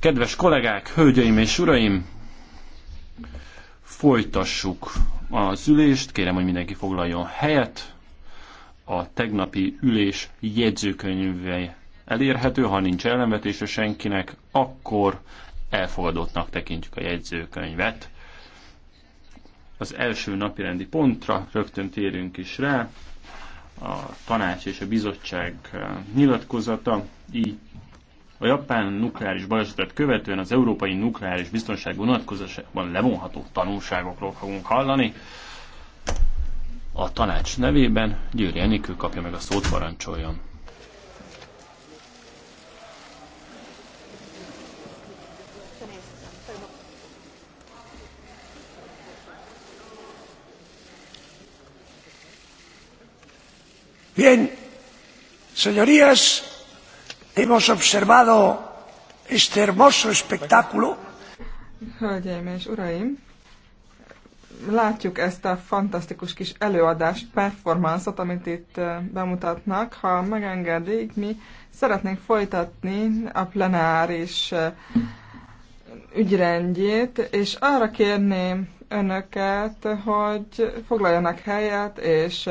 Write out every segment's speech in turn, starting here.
Kedves kollégák, hölgyeim és uraim! Folytassuk az ülést. Kérem, hogy mindenki foglaljon helyet. A tegnapi ülés jegyzőkönyve elérhető. Ha nincs ellenvetése senkinek, akkor elfogadottnak tekintjük a jegyzőkönyvet. Az első napirendi pontra rögtön térünk is rá a tanács és a bizottság eh, nyilatkozata, így a japán nukleáris balesetet követően az európai nukleáris biztonság vonatkozásában levonható tanulságokról fogunk hallani. A tanács nevében Győri Enikő kapja meg a szót, parancsoljon. Bien, señorías, hemos observado este hermoso espectáculo. Hölgyeim és uraim, látjuk ezt a fantasztikus kis előadást, performanszot, amit itt bemutatnak. Ha megengedik, mi szeretnénk folytatni a plenáris ügyrendjét, és arra kérném önöket, hogy foglaljanak helyet, és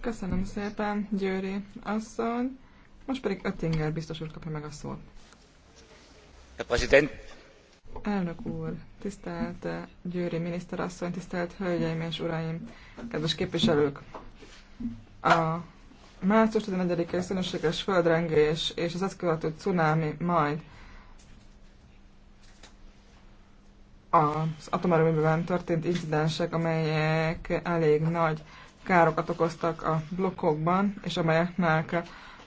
Köszönöm szépen, Győri asszony. Most pedig Öttinger biztos úr kapja meg a szót. Elnök úr, tisztelt eh, Győri miniszterasszony, tisztelt hölgyeim és uraim, kedves képviselők! A március 14-i szönösséges földrengés és az ezt követő cunámi majd az atomerőműben történt incidensek, amelyek elég nagy károkat okoztak a blokkokban, és amelyeknek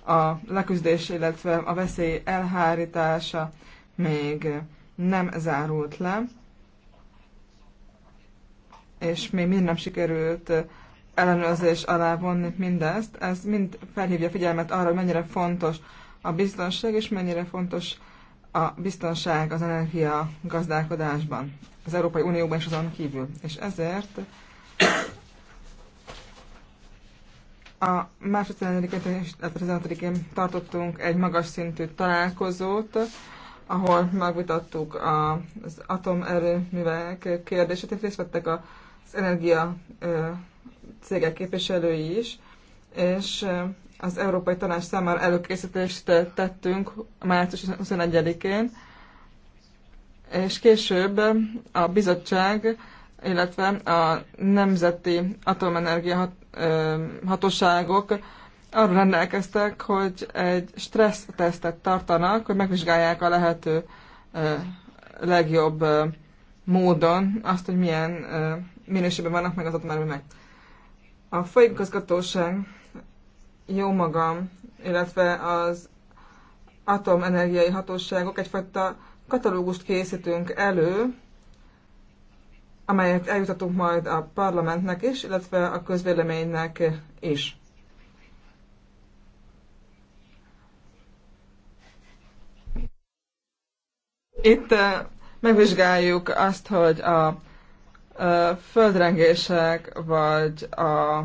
a leküzdés, illetve a veszély elhárítása még nem zárult le, és még mind nem sikerült ellenőrzés alá vonni mindezt. Ez mind felhívja figyelmet arra, hogy mennyire fontos a biztonság, és mennyire fontos a biztonság az energia gazdálkodásban, az Európai Unióban és azon kívül. És ezért a második, és 15-én tartottunk egy magas szintű találkozót, ahol megvitattuk az atomerőművek kérdését, és részt vettek az energia cégek képviselői is, és az Európai Tanács számára előkészítést tettünk március 21-én, és később a bizottság, illetve a nemzeti atomenergia hat, ö, hatóságok arra rendelkeztek, hogy egy stressz tesztet tartanak, hogy megvizsgálják a lehető ö, legjobb ö, módon azt, hogy milyen ö, minőségben vannak meg az atomerőmek. A folyigazgatóság jó magam, illetve az atomenergiai hatóságok egyfajta katalógust készítünk elő, amelyet eljutatunk majd a parlamentnek is, illetve a közvéleménynek is. Itt megvizsgáljuk azt, hogy a földrengések vagy a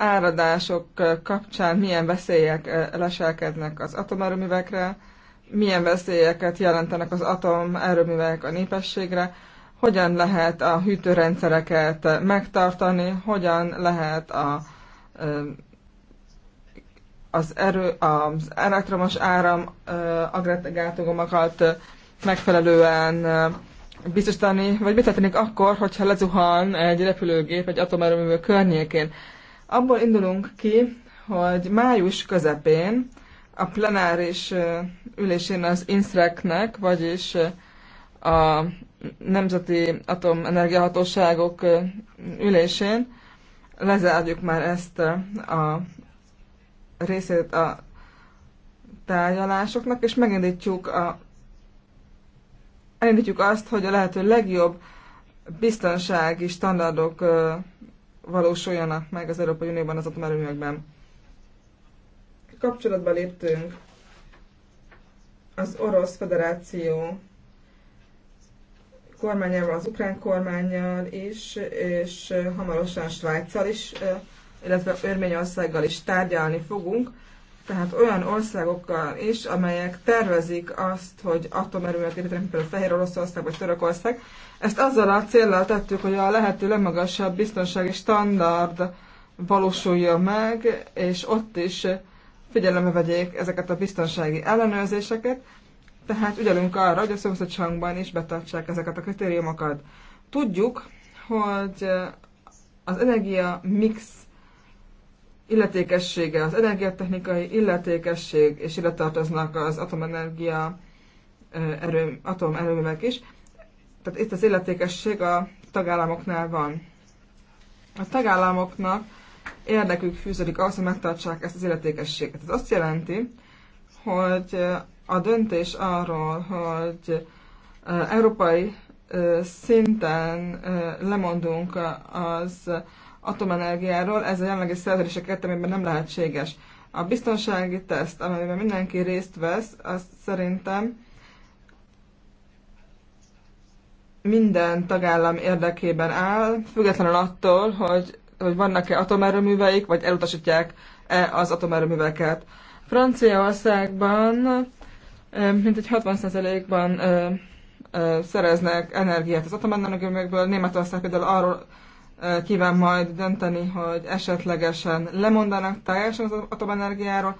áradások kapcsán milyen veszélyek leselkednek az atomerőművekre, milyen veszélyeket jelentenek az atomerőművek a népességre, hogyan lehet a hűtőrendszereket megtartani, hogyan lehet a, az, erő, az elektromos áram agregátumokat megfelelően biztosítani, vagy mit történik akkor, hogyha lezuhan egy repülőgép egy atomerőmű környékén. Abból indulunk ki, hogy május közepén a plenáris ülésén az INSREC-nek, vagyis a Nemzeti Atomenergiahatóságok ülésén lezárjuk már ezt a részét a tárgyalásoknak, és megindítjuk a elindítjuk azt, hogy a lehető legjobb biztonsági standardok valósuljanak meg az Európai Unióban az atomerőművekben. Kapcsolatba léptünk az Orosz Federáció kormányával, az ukrán kormányjal is, és hamarosan Svájccal is, illetve Örményországgal is tárgyalni fogunk tehát olyan országokkal is, amelyek tervezik azt, hogy atomerőművet építenek, például Fehér Oroszország vagy Törökország. Ezt azzal a célral tettük, hogy a lehető legmagasabb biztonsági standard valósuljon meg, és ott is figyelembe vegyék ezeket a biztonsági ellenőrzéseket, tehát ügyelünk arra, hogy a szomszédságban is betartsák ezeket a kritériumokat. Tudjuk, hogy az energia mix illetékessége az energiatechnikai illetékesség, és ide tartoznak az atomenergia erő, atomerőművek is. Tehát itt az illetékesség a tagállamoknál van. A tagállamoknak érdekük fűződik ahhoz, hogy megtartsák ezt az illetékességet. Ez azt jelenti, hogy a döntés arról, hogy európai szinten lemondunk az atomenergiáról, ez a jelenlegi szerződések értelmében nem lehetséges. A biztonsági teszt, amelyben mindenki részt vesz, az szerintem minden tagállam érdekében áll, függetlenül attól, hogy, hogy vannak-e atomerőműveik, vagy elutasítják-e az atomerőműveket. Franciaországban mintegy 60%-ban szereznek energiát az atomenergőmekből, Németország például arról kíván majd dönteni, hogy esetlegesen lemondanak teljesen az atomenergiáról,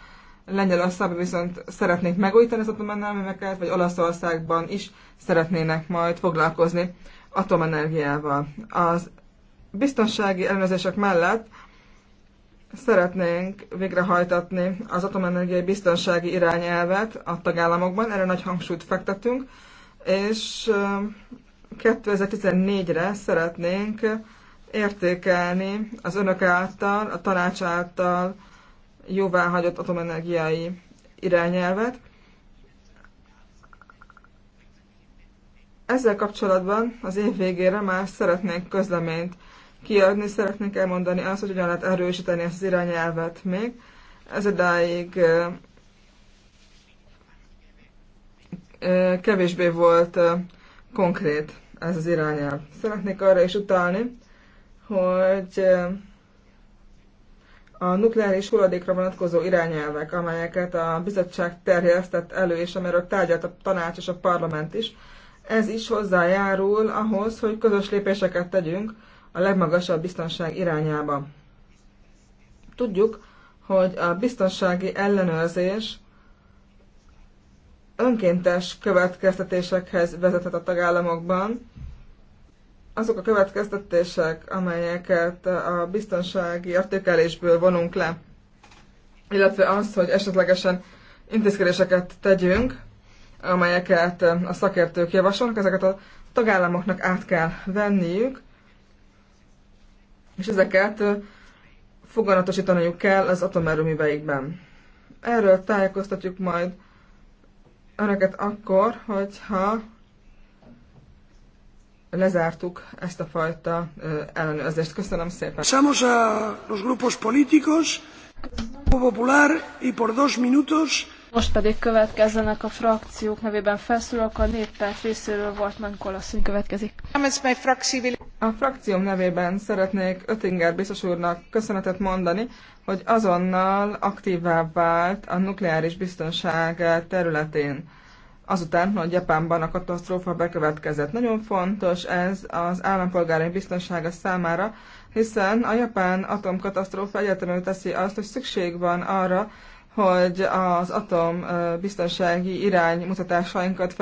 Lengyelországban viszont szeretnék megújítani az atomenergiákat, vagy Olaszországban is szeretnének majd foglalkozni atomenergiával. Az biztonsági ellenőrzések mellett szeretnénk végrehajtatni az atomenergiai biztonsági irányelvet a tagállamokban, erre nagy hangsúlyt fektetünk, és 2014-re szeretnénk értékelni az önök által, a tanács által jóváhagyott atomenergiai irányelvet. Ezzel kapcsolatban az év végére már szeretnénk közleményt kiadni, szeretnénk elmondani azt, hogy hogyan lehet erősíteni ezt az irányelvet még. Ez idáig kevésbé volt konkrét ez az irányelv. Szeretnék arra is utalni, hogy a nukleáris hulladékra vonatkozó irányelvek, amelyeket a bizottság terjesztett elő, és amiről tárgyalt a tanács és a parlament is, ez is hozzájárul ahhoz, hogy közös lépéseket tegyünk a legmagasabb biztonság irányába. Tudjuk, hogy a biztonsági ellenőrzés önkéntes következtetésekhez vezethet a tagállamokban, azok a következtetések, amelyeket a biztonsági értékelésből vonunk le, illetve az, hogy esetlegesen intézkedéseket tegyünk, amelyeket a szakértők javasolnak, ezeket a tagállamoknak át kell venniük, és ezeket foganatosítaniuk kell az atomerőműveikben. Erről tájékoztatjuk majd önöket akkor, hogyha lezártuk ezt a fajta ellenőrzést. Köszönöm szépen. Számos a los grupos políticos. Popular y por dos minutos. Most pedig következzenek a frakciók nevében felszólalók, a néppárt részéről volt Kolaszony következik. A frakcióm nevében szeretnék Ötinger biztos úrnak köszönetet mondani, hogy azonnal aktívvá vált a nukleáris biztonság területén azután, hogy Japánban a katasztrófa bekövetkezett. Nagyon fontos ez az állampolgáraink biztonsága számára, hiszen a japán atomkatasztrófa egyetemül teszi azt, hogy szükség van arra, hogy az atom biztonsági iránymutatásainkat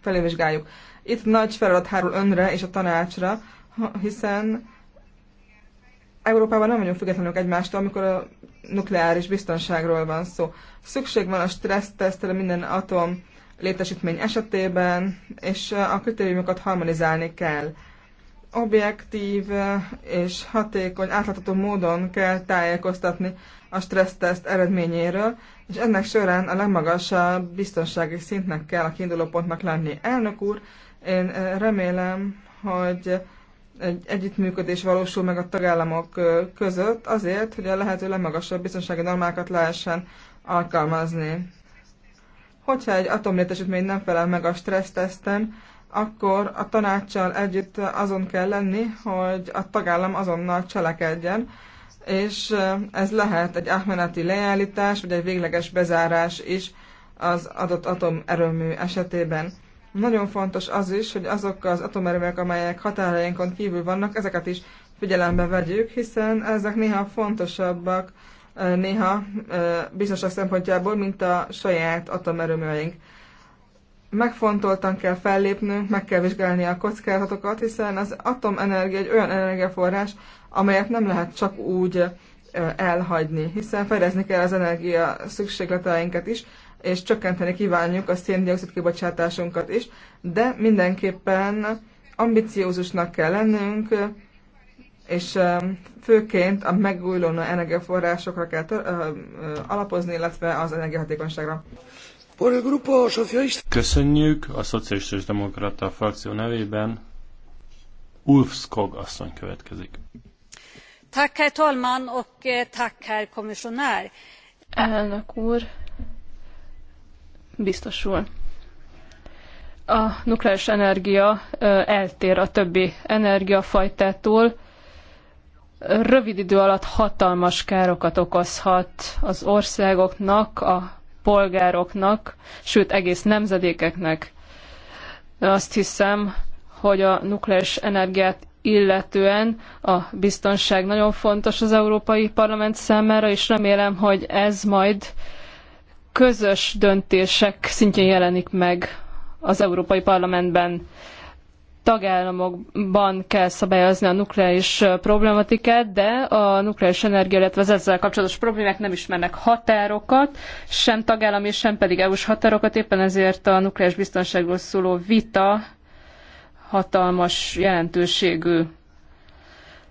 felülvizsgáljuk. Itt nagy feladat hárul önre és a tanácsra, hiszen Európában nem vagyunk függetlenül egymástól, amikor a nukleáris biztonságról van szó. Szükség van a stressztesztre minden atom létesítmény esetében, és a kritériumokat harmonizálni kell. Objektív és hatékony, átlátható módon kell tájékoztatni a stresszteszt eredményéről, és ennek során a legmagasabb biztonsági szintnek kell a kiindulópontnak lenni. Elnök úr, én remélem, hogy egy együttműködés valósul meg a tagállamok között azért, hogy a lehető legmagasabb biztonsági normákat lehessen alkalmazni. Hogyha egy atomlétesítmény nem felel meg a stressztesten, akkor a tanácssal együtt azon kell lenni, hogy a tagállam azonnal cselekedjen, és ez lehet egy átmeneti leállítás, vagy egy végleges bezárás is az adott atomerőmű esetében. Nagyon fontos az is, hogy azok az atomerőműek, amelyek határainkon kívül vannak, ezeket is figyelembe vegyük, hiszen ezek néha fontosabbak néha biztonság szempontjából, mint a saját atomerőműveink. Megfontoltan kell fellépnünk, meg kell vizsgálni a kockázatokat, hiszen az atomenergia egy olyan energiaforrás, amelyet nem lehet csak úgy elhagyni, hiszen fedezni kell az energia szükségleteinket is, és csökkenteni kívánjuk a széndiokszid kibocsátásunkat is, de mindenképpen ambiciózusnak kell lennünk, és um, főként a megújuló energiaforrásokra kell alapozni, illetve az energiahatékonyságra. Köszönjük a Szocialista és Demokrata frakció nevében. Ulf Skog asszony következik. Tack, herr talman, och eh, tack, herr kommissionär. Elnök úr, biztos úr a nukleáris energia eltér a többi energiafajtától, rövid idő alatt hatalmas károkat okozhat az országoknak, a polgároknak, sőt egész nemzedékeknek. Azt hiszem, hogy a nukleáris energiát illetően a biztonság nagyon fontos az Európai Parlament számára, és remélem, hogy ez majd közös döntések szintjén jelenik meg az Európai Parlamentben tagállamokban kell szabályozni a nukleáris problematikát, de a nukleáris energia, illetve az ezzel kapcsolatos problémák nem ismernek határokat, sem tagállami, sem pedig EU-s határokat, éppen ezért a nukleáris biztonságról szóló vita hatalmas jelentőségű.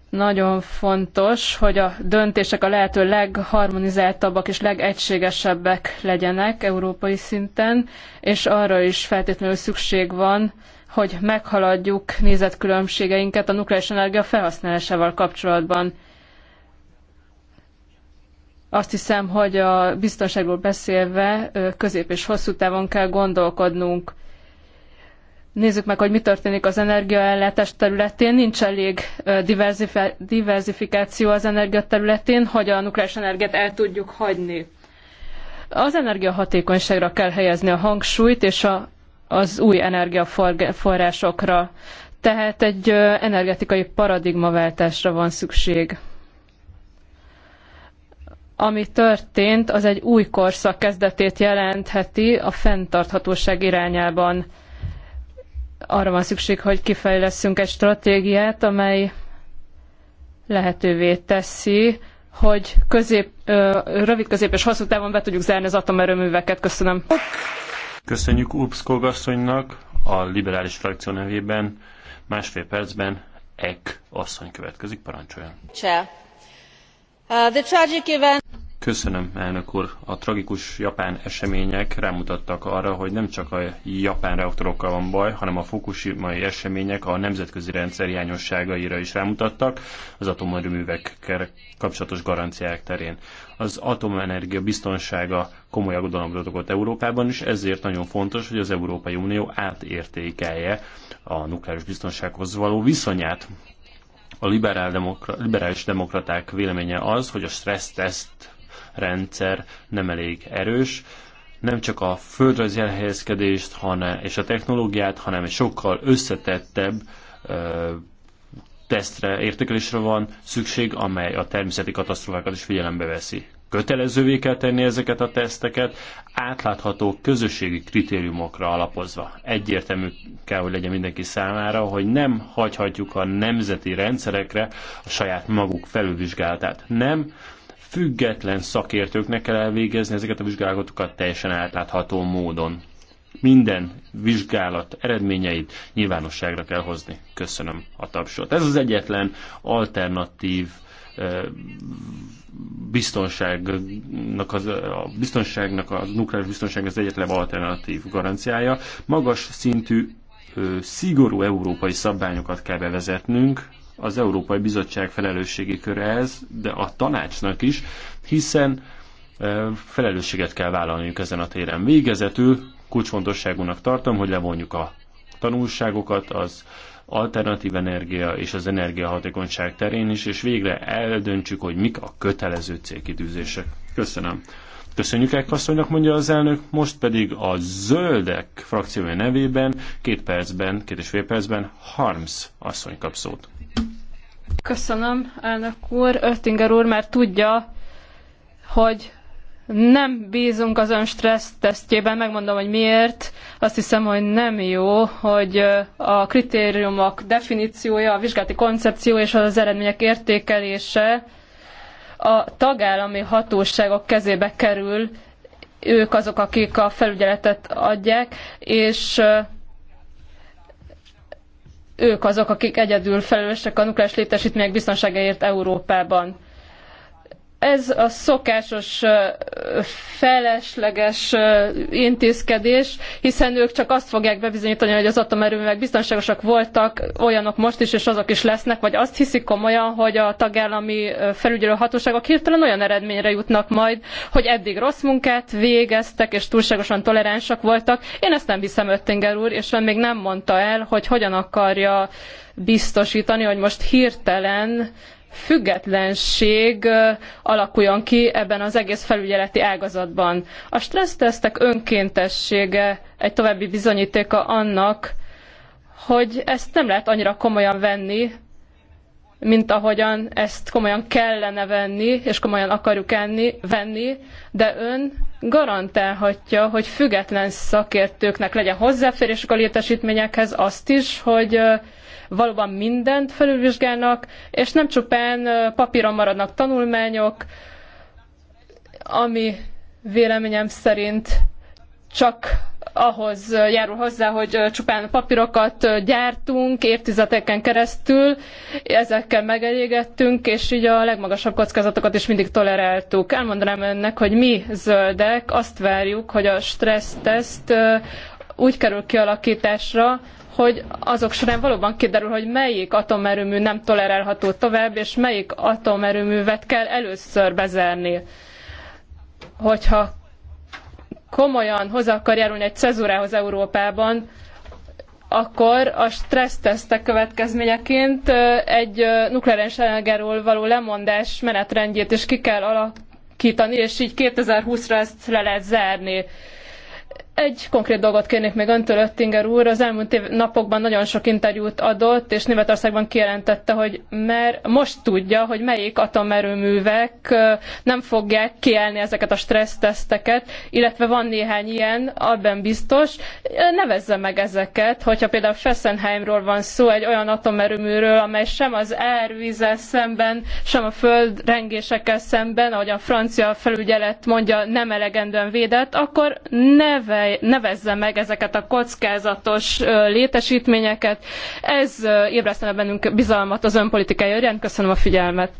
Nagyon fontos, hogy a döntések a lehető legharmonizáltabbak és legegységesebbek legyenek európai szinten, és arra is feltétlenül szükség van, hogy meghaladjuk nézetkülönbségeinket a nukleáris energia felhasználásával kapcsolatban. Azt hiszem, hogy a biztonságról beszélve közép és hosszú távon kell gondolkodnunk. Nézzük meg, hogy mi történik az energiaellátás területén. Nincs elég diverzifikáció az energia területén, hogy a nukleáris energiát el tudjuk hagyni. Az energiahatékonyságra kell helyezni a hangsúlyt, és a az új energiaforrásokra. Tehát egy energetikai paradigmaváltásra van szükség. Ami történt, az egy új korszak kezdetét jelentheti a fenntarthatóság irányában. Arra van szükség, hogy kifejleszünk egy stratégiát, amely lehetővé teszi, hogy közép, rövid, közép és hosszú távon be tudjuk zárni az atomerőműveket. Köszönöm. Köszönjük Upszkog asszonynak a liberális frakció nevében. Másfél percben Ek asszony következik, parancsoljon. Cseh. Uh, the tragic event... Köszönöm, elnök úr. A tragikus japán események rámutattak arra, hogy nem csak a japán reaktorokkal van baj, hanem a fukushimai események a nemzetközi rendszer hiányosságaira is rámutattak az atomerőművekkel kapcsolatos garanciák terén. Az atomenergia biztonsága komoly aggodalomra okot Európában is, ezért nagyon fontos, hogy az Európai Unió átértékelje a nukleáris biztonsághoz való viszonyát a liberál demokra, liberális demokraták véleménye az, hogy a stressztest rendszer nem elég erős. Nem csak a földrajzi elhelyezkedést hanem, és a technológiát, hanem egy sokkal összetettebb ö, tesztre, értékelésre van szükség, amely a természeti katasztrófákat is figyelembe veszi. Kötelezővé kell tenni ezeket a teszteket, átlátható közösségi kritériumokra alapozva. Egyértelmű kell, hogy legyen mindenki számára, hogy nem hagyhatjuk a nemzeti rendszerekre a saját maguk felülvizsgálatát. Nem független szakértőknek kell elvégezni ezeket a vizsgálatokat teljesen átlátható módon. Minden vizsgálat eredményeit nyilvánosságra kell hozni. Köszönöm a tapsot. Ez az egyetlen alternatív eh, biztonságnak, az, a biztonságnak, a nukleáris biztonság az egyetlen alternatív garanciája. Magas szintű, szigorú európai szabványokat kell bevezetnünk, az Európai Bizottság felelősségi köre ez, de a tanácsnak is, hiszen felelősséget kell vállalniuk ezen a téren. Végezetül kulcsfontosságúnak tartom, hogy levonjuk a tanulságokat az alternatív energia és az energiahatékonyság terén is, és végre eldöntsük, hogy mik a kötelező célkitűzések. Köszönöm. Köszönjük Ekkasszonynak, mondja az elnök, most pedig a zöldek frakciója nevében két percben, két és fél percben Harms asszony kap szót. Köszönöm, elnök úr. Öttinger úr már tudja, hogy nem bízunk az ön stressz tesztjében, megmondom, hogy miért. Azt hiszem, hogy nem jó, hogy a kritériumok definíciója, a vizsgálati koncepció és az eredmények értékelése a tagállami hatóságok kezébe kerül, ők azok, akik a felügyeletet adják, és ők azok, akik egyedül felelősek a nukleáris létesítmények biztonságáért Európában ez a szokásos felesleges intézkedés, hiszen ők csak azt fogják bebizonyítani, hogy az atomerőművek biztonságosak voltak, olyanok most is, és azok is lesznek, vagy azt hiszik komolyan, hogy a tagállami felügyelő hatóságok hirtelen olyan eredményre jutnak majd, hogy eddig rossz munkát végeztek, és túlságosan toleránsak voltak. Én ezt nem hiszem, Öttinger úr, és ön még nem mondta el, hogy hogyan akarja biztosítani, hogy most hirtelen függetlenség alakuljon ki ebben az egész felügyeleti ágazatban. A stressztesztek önkéntessége egy további bizonyítéka annak, hogy ezt nem lehet annyira komolyan venni, mint ahogyan ezt komolyan kellene venni, és komolyan akarjuk enni, venni, de ön garantálhatja, hogy független szakértőknek legyen hozzáférésük a létesítményekhez azt is, hogy valóban mindent felülvizsgálnak, és nem csupán papíron maradnak tanulmányok, ami véleményem szerint csak ahhoz járul hozzá, hogy csupán papírokat gyártunk évtizedeken keresztül, ezekkel megelégettünk, és így a legmagasabb kockázatokat is mindig toleráltuk. Elmondanám önnek, hogy mi zöldek azt várjuk, hogy a stresszteszt úgy kerül kialakításra, hogy azok során valóban kiderül, hogy melyik atomerőmű nem tolerálható tovább, és melyik atomerőművet kell először bezárni. Hogyha komolyan hozzá akar járulni egy cezúrához Európában, akkor a stressztesztek következményeként egy nukleáris energiáról való lemondás menetrendjét is ki kell alakítani, és így 2020-ra ezt le lehet zárni. Egy konkrét dolgot kérnék még öntől, Öttinger úr. Az elmúlt év, napokban nagyon sok interjút adott, és Németországban kijelentette, hogy mert most tudja, hogy melyik atomerőművek nem fogják kielni ezeket a stresszteszteket, illetve van néhány ilyen, abban biztos. Nevezze meg ezeket, hogyha például Fessenheimről van szó, egy olyan atomerőműről, amely sem az árvízzel szemben, sem a földrengésekkel szemben, ahogy a francia felügyelet mondja, nem elegendően védett, akkor nevelj nevezze meg ezeket a kockázatos létesítményeket. Ez ébresztene bennünk bizalmat az önpolitikai iránt. Köszönöm a figyelmet.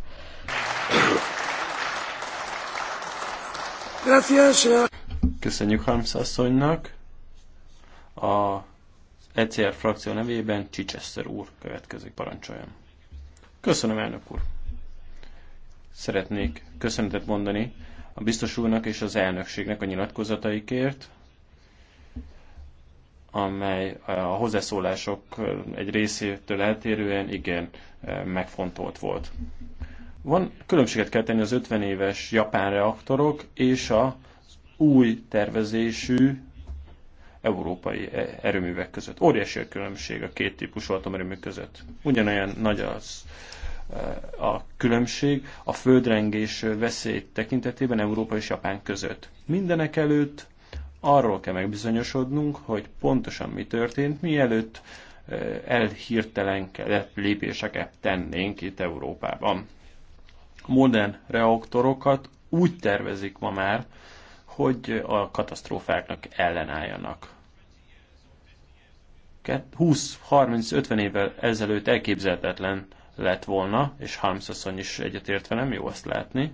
Köszönjük Harms asszonynak. A ECR frakció nevében Csicseszter úr következik, parancsoljon. Köszönöm, elnök úr. Szeretnék köszönetet mondani a biztos úrnak és az elnökségnek a nyilatkozataikért, amely a hozzászólások egy részétől eltérően igen eh, megfontolt volt. Van, különbséget kell tenni az 50 éves japán reaktorok és a új tervezésű európai eh, erőművek között. Óriási a különbség a két típusú atomerőmű között. Ugyanolyan nagy az eh, a különbség a földrengés veszély tekintetében Európa és Japán között. Mindenek előtt arról kell megbizonyosodnunk, hogy pontosan mi történt, mielőtt eh, elhirtelen lépéseket tennénk itt Európában. Modern reaktorokat úgy tervezik ma már, hogy a katasztrófáknak ellenálljanak. 20-30-50 évvel ezelőtt elképzelhetetlen lett volna, és Harms asszony is egyetért velem, jó azt látni,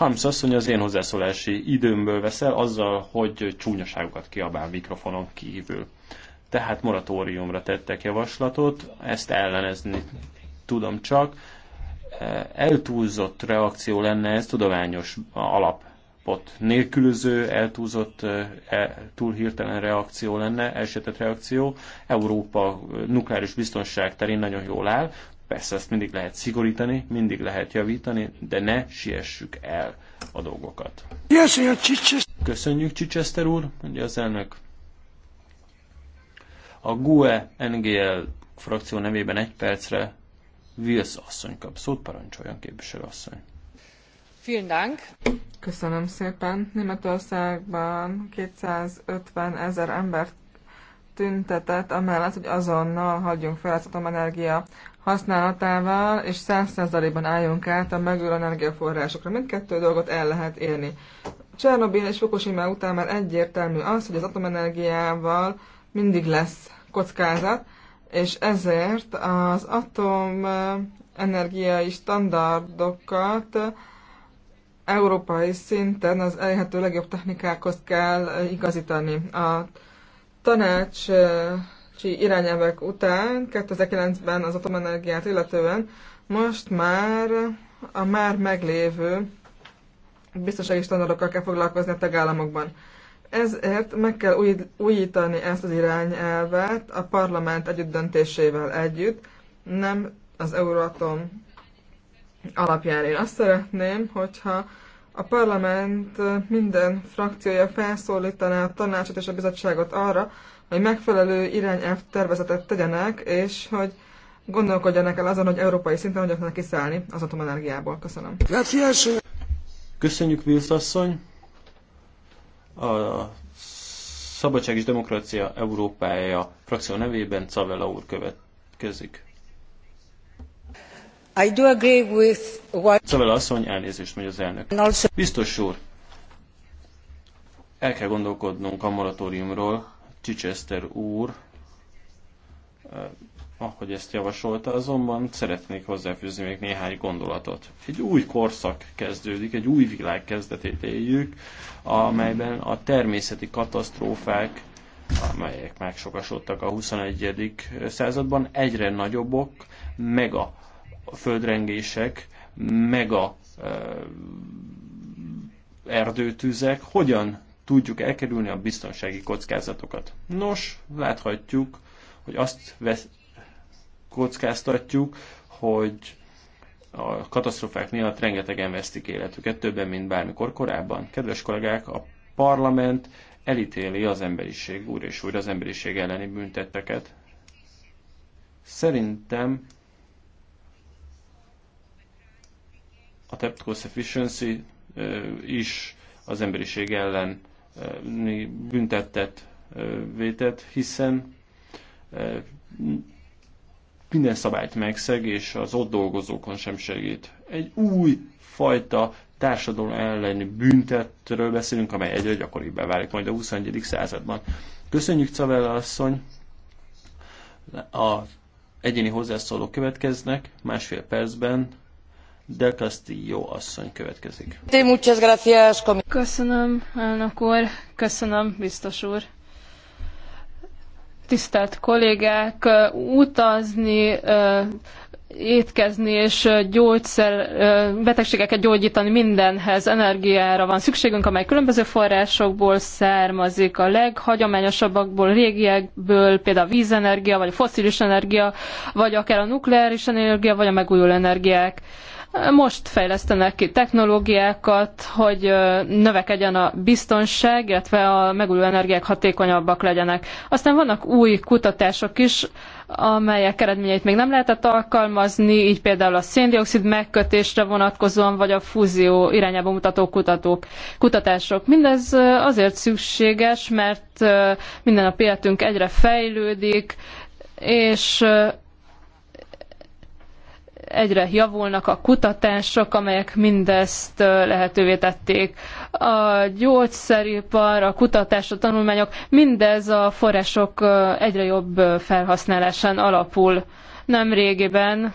Harms asszony az én hozzászólási időmből veszel azzal, hogy csúnyaságokat kiabál mikrofonon kívül. Tehát moratóriumra tettek javaslatot, ezt ellenezni tudom csak. Eltúlzott reakció lenne ez tudományos alap pot nélkülöző, eltúlzott, e, túl hirtelen reakció lenne, elsetett reakció. Európa nukleáris biztonság terén nagyon jól áll, Persze ezt mindig lehet szigorítani, mindig lehet javítani, de ne siessük el a dolgokat. Köszönjük, Csicseszter úr, mondja az elnök. A GUE NGL frakció nevében egy percre Wills asszony kap szót, parancsoljon képviselő asszony. Köszönöm szépen. Németországban 250 ezer embert tüntetett, amellett, hogy azonnal hagyjunk fel az atomenergia használatával, és 100%-ban álljunk át a megülő energiaforrásokra. Mindkettő dolgot el lehet érni. Csernobil és Fukushima után már egyértelmű az, hogy az atomenergiával mindig lesz kockázat, és ezért az atomenergiai standardokat európai szinten az elérhető legjobb technikákhoz kell igazítani. A tanács irányelvek után, 2009-ben az atomenergiát illetően, most már a már meglévő biztonsági standardokkal kell foglalkozni a tagállamokban. Ezért meg kell újítani ezt az irányelvet a parlament együtt döntésével együtt, nem az Euratom alapján. Én azt szeretném, hogyha a parlament minden frakciója felszólítaná a tanácsot és a bizottságot arra, hogy megfelelő irányelv tervezetet tegyenek, és hogy gondolkodjanak el azon, hogy európai szinten hogyan tudnak kiszállni az atomenergiából. Köszönöm. Köszönjük, Vilsz asszony. A Szabadság és Demokrácia Európája frakció nevében Cavella úr következik. I do agree with what... Cavella asszony, elnézést megy az elnök. Also... Biztos úr, el kell gondolkodnunk a moratóriumról, Chichester úr, eh, ahogy ezt javasolta, azonban szeretnék hozzáfűzni még néhány gondolatot. Egy új korszak kezdődik, egy új világ kezdetét éljük, amelyben a természeti katasztrófák, amelyek megsokasodtak a 21. században, egyre nagyobbok, mega földrengések, mega eh, erdőtüzek hogyan tudjuk elkerülni a biztonsági kockázatokat. Nos, láthatjuk, hogy azt vesz, kockáztatjuk, hogy a katasztrofák miatt rengetegen vesztik életüket, többen, mint bármikor korábban. Kedves kollégák, a parlament elítéli az emberiség úr és úr az emberiség elleni büntetteket. Szerintem a Tepco Sufficiency is az emberiség ellen büntettet vétett, hiszen minden szabályt megszeg, és az ott dolgozókon sem segít. Egy új fajta társadalom elleni büntetről beszélünk, amely egyre gyakoribbá válik majd a 21. században. Köszönjük, Cavella asszony! A egyéni hozzászóló következnek másfél percben de Castillo asszony következik. Köszönöm, elnök úr. Köszönöm, biztos úr tisztelt kollégák, utazni, étkezni és gyógyszer, betegségeket gyógyítani mindenhez energiára van szükségünk, amely különböző forrásokból származik, a leghagyományosabbakból, régiekből, például a vízenergia, vagy a foszilis energia, vagy akár a nukleáris energia, vagy a megújuló energiák. Most fejlesztenek ki technológiákat, hogy növekedjen a biztonság, illetve a megújuló energiák hatékonyabbak legyenek. Aztán vannak új kutatások is, amelyek eredményeit még nem lehetett alkalmazni, így például a széndiokszid megkötésre vonatkozóan, vagy a fúzió irányába mutató kutatók, kutatások. Mindez azért szükséges, mert minden a életünk egyre fejlődik, és egyre javulnak a kutatások, amelyek mindezt lehetővé tették. A gyógyszeripar, a kutatás, a tanulmányok, mindez a források egyre jobb felhasználásán alapul. Nemrégiben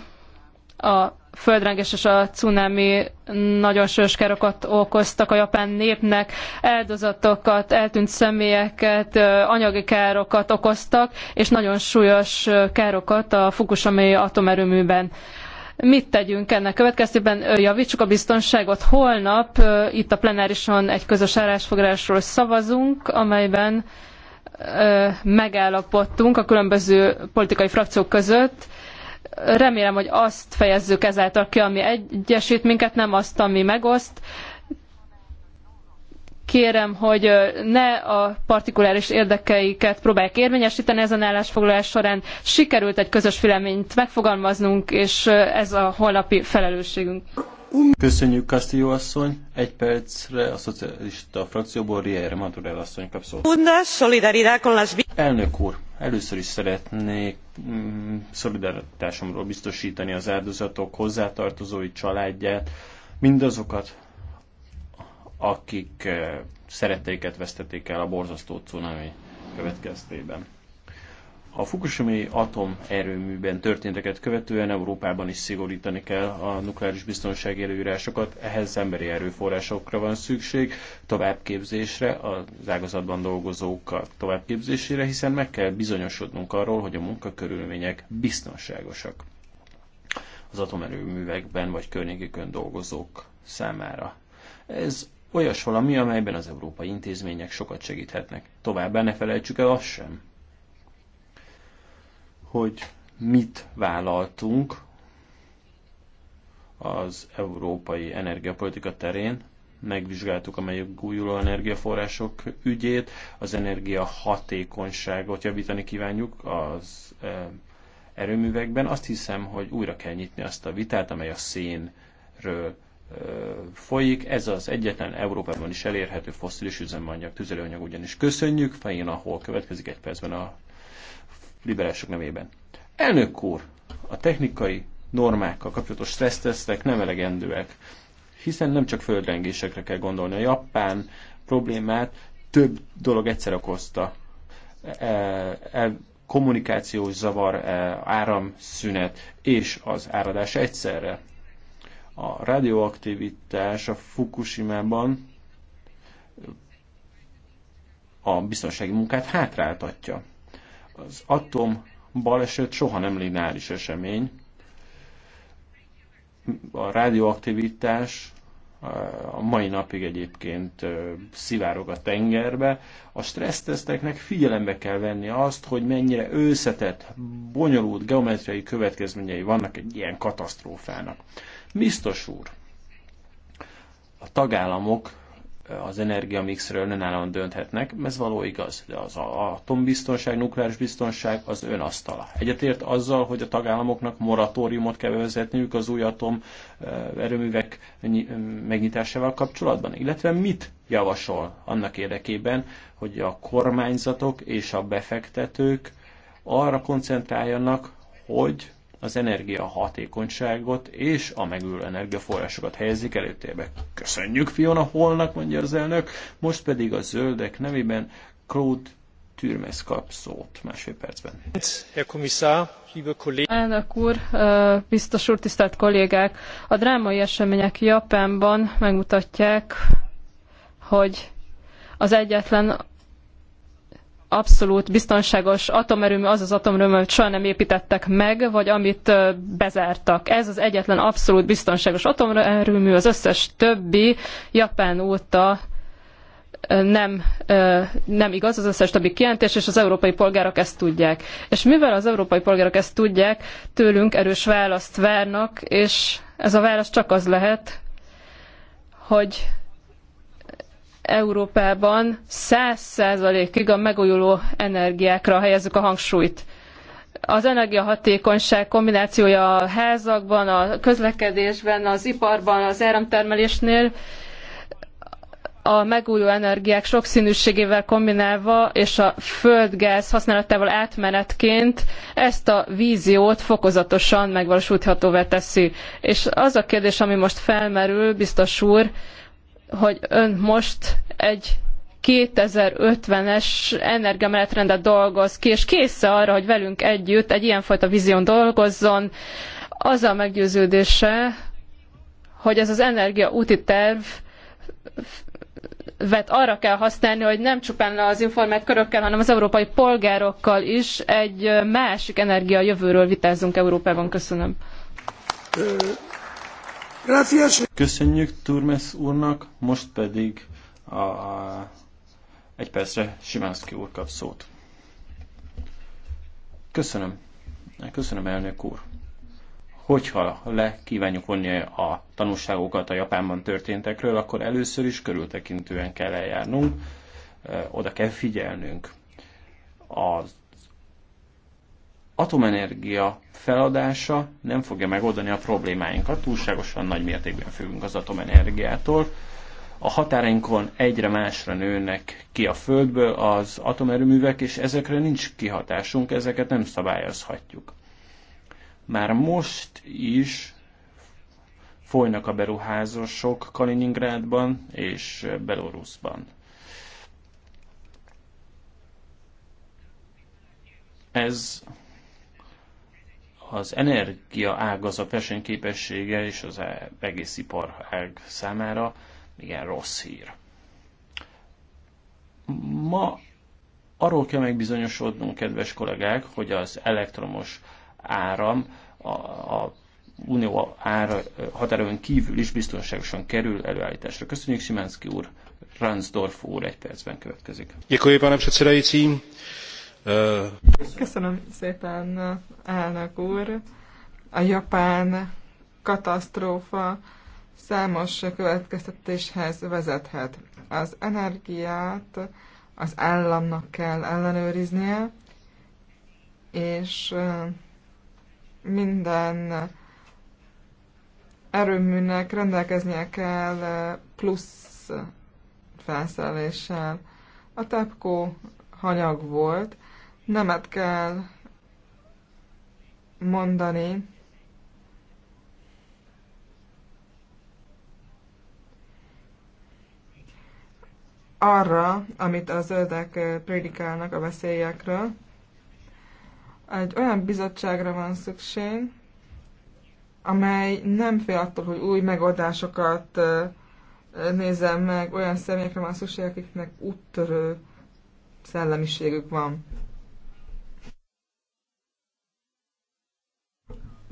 a földrengés és a cunami nagyon sős károkat okoztak a japán népnek, áldozatokat, eltűnt személyeket, anyagi károkat okoztak, és nagyon súlyos károkat a Fukushima atomerőműben. Mit tegyünk ennek következtében? Javítsuk a biztonságot. Holnap itt a plenárison egy közös állásfoglalásról szavazunk, amelyben megállapodtunk a különböző politikai frakciók között, remélem, hogy azt fejezzük ezáltal ki, ami egyesít minket, nem azt, ami megoszt kérem, hogy ne a partikuláris érdekeiket próbálják érvényesíteni ezen állásfoglalás során. Sikerült egy közös véleményt megfogalmaznunk, és ez a holnapi felelősségünk. Köszönjük, Castillo asszony. Egy percre a szocialista frakcióból Riera Madurell asszony kap szót. Elnök úr, először is szeretnék mm, szolidaritásomról biztosítani az áldozatok hozzátartozói családját, mindazokat, akik eh, szeretteiket vesztették el a borzasztó cunami következtében. A Fukushima atomerőműben történteket követően Európában is szigorítani kell a nukleáris biztonsági előírásokat, ehhez emberi erőforrásokra van szükség, továbbképzésre, az ágazatban dolgozók továbbképzésére, hiszen meg kell bizonyosodnunk arról, hogy a munkakörülmények biztonságosak az atomerőművekben vagy környékükön dolgozók számára. Ez olyas valami, amelyben az európai intézmények sokat segíthetnek. Továbbá ne felejtsük el azt sem, hogy mit vállaltunk az európai energiapolitika terén, megvizsgáltuk a megújuló energiaforrások ügyét, az energia hatékonyságot javítani kívánjuk az e, erőművekben. Azt hiszem, hogy újra kell nyitni azt a vitát, amely a szénről folyik, ez az egyetlen Európában is elérhető fosszilis üzemanyag, tüzelőanyag ugyanis. Köszönjük, fején ahol következik egy percben a liberálisok nevében. Elnök úr, a technikai normákkal kapcsolatos stressztesztek nem elegendőek, hiszen nem csak földrengésekre kell gondolni. A japán problémát több dolog egyszer okozta. E, e, kommunikációs zavar, e, áramszünet és az áradás egyszerre. A radioaktivitás a Fukushima-ban a biztonsági munkát hátráltatja. Az atom baleset soha nem lineáris esemény. A radioaktivitás a mai napig egyébként szivárog a tengerbe. A stresszteszteknek figyelembe kell venni azt, hogy mennyire összetett, bonyolult geometriai következményei vannak egy ilyen katasztrófának. Biztos úr, a tagállamok az energiamixről önállóan dönthetnek, ez való igaz, de az atombiztonság, nukleáris biztonság az ön asztala. Egyetért azzal, hogy a tagállamoknak moratóriumot kell vezetniük az új atom erőművek megnyitásával kapcsolatban, illetve mit javasol annak érdekében, hogy a kormányzatok és a befektetők arra koncentráljanak, hogy az energia hatékonyságot és a megülő energiaforrásokat helyezik előtérbe. Köszönjük Fiona Holnak, mondja az elnök, most pedig a zöldek nevében Claude Türmes kap szót másfél percben. Herr Kommissar, liebe Kollegen. Elnök úr, biztos úr, tisztelt kollégák! A drámai események Japánban megmutatják, hogy az egyetlen abszolút biztonságos atomerőmű az az atomerőmű, amit soha nem építettek meg, vagy amit bezártak. Ez az egyetlen abszolút biztonságos atomerőmű, az összes többi Japán óta nem, nem igaz az összes többi kijelentés, és az európai polgárok ezt tudják. És mivel az európai polgárok ezt tudják, tőlünk erős választ várnak, és ez a válasz csak az lehet, hogy Európában 100%-ig a megújuló energiákra helyezzük a hangsúlyt. Az energiahatékonyság kombinációja a házakban, a közlekedésben, az iparban, az áramtermelésnél a megújuló energiák sokszínűségével kombinálva és a földgáz használatával átmenetként ezt a víziót fokozatosan megvalósíthatóvá teszi. És az a kérdés, ami most felmerül, biztos úr, hogy ön most egy 2050-es energiamenetrendet dolgoz ki, és kész arra, hogy velünk együtt egy ilyenfajta vízión dolgozzon, az a meggyőződése, hogy ez az energia úti terv vet arra kell használni, hogy nem csupán az informált körökkel, hanem az európai polgárokkal is egy másik energia jövőről vitázzunk Európában. Köszönöm. Köszönjük Turmes úrnak, most pedig a, a egy percre Simánszki úr kap szót. Köszönöm. Köszönöm, elnök úr. Hogyha le kívánjuk vonni a tanulságokat a Japánban történtekről, akkor először is körültekintően kell eljárnunk, oda kell figyelnünk. Az atomenergia feladása nem fogja megoldani a problémáinkat, túlságosan nagy mértékben függünk az atomenergiától. A határainkon egyre másra nőnek ki a földből az atomerőművek, és ezekre nincs kihatásunk, ezeket nem szabályozhatjuk. Már most is folynak a beruházások Kaliningrádban és Belarusban. Ez az energia a versenyképessége és az egész iparág számára igen rossz hír. Ma arról kell megbizonyosodnunk, kedves kollégák, hogy az elektromos áram a, a unió ára határon kívül is biztonságosan kerül előállításra. Köszönjük Simánszki úr, Ransdorf úr egy percben következik. Děkuji, pane předsedající. Köszönöm szépen, elnök úr. A japán katasztrófa számos következtetéshez vezethet. Az energiát az államnak kell ellenőriznie, és minden erőműnek rendelkeznie kell plusz felszereléssel. A TEPCO hanyag volt, nemet kell mondani arra, amit a zöldek eh, prédikálnak a veszélyekről. Egy olyan bizottságra van szükség, amely nem fél attól, hogy új megoldásokat eh, nézem meg, olyan személyekre van szükség, akiknek úttörő szellemiségük van.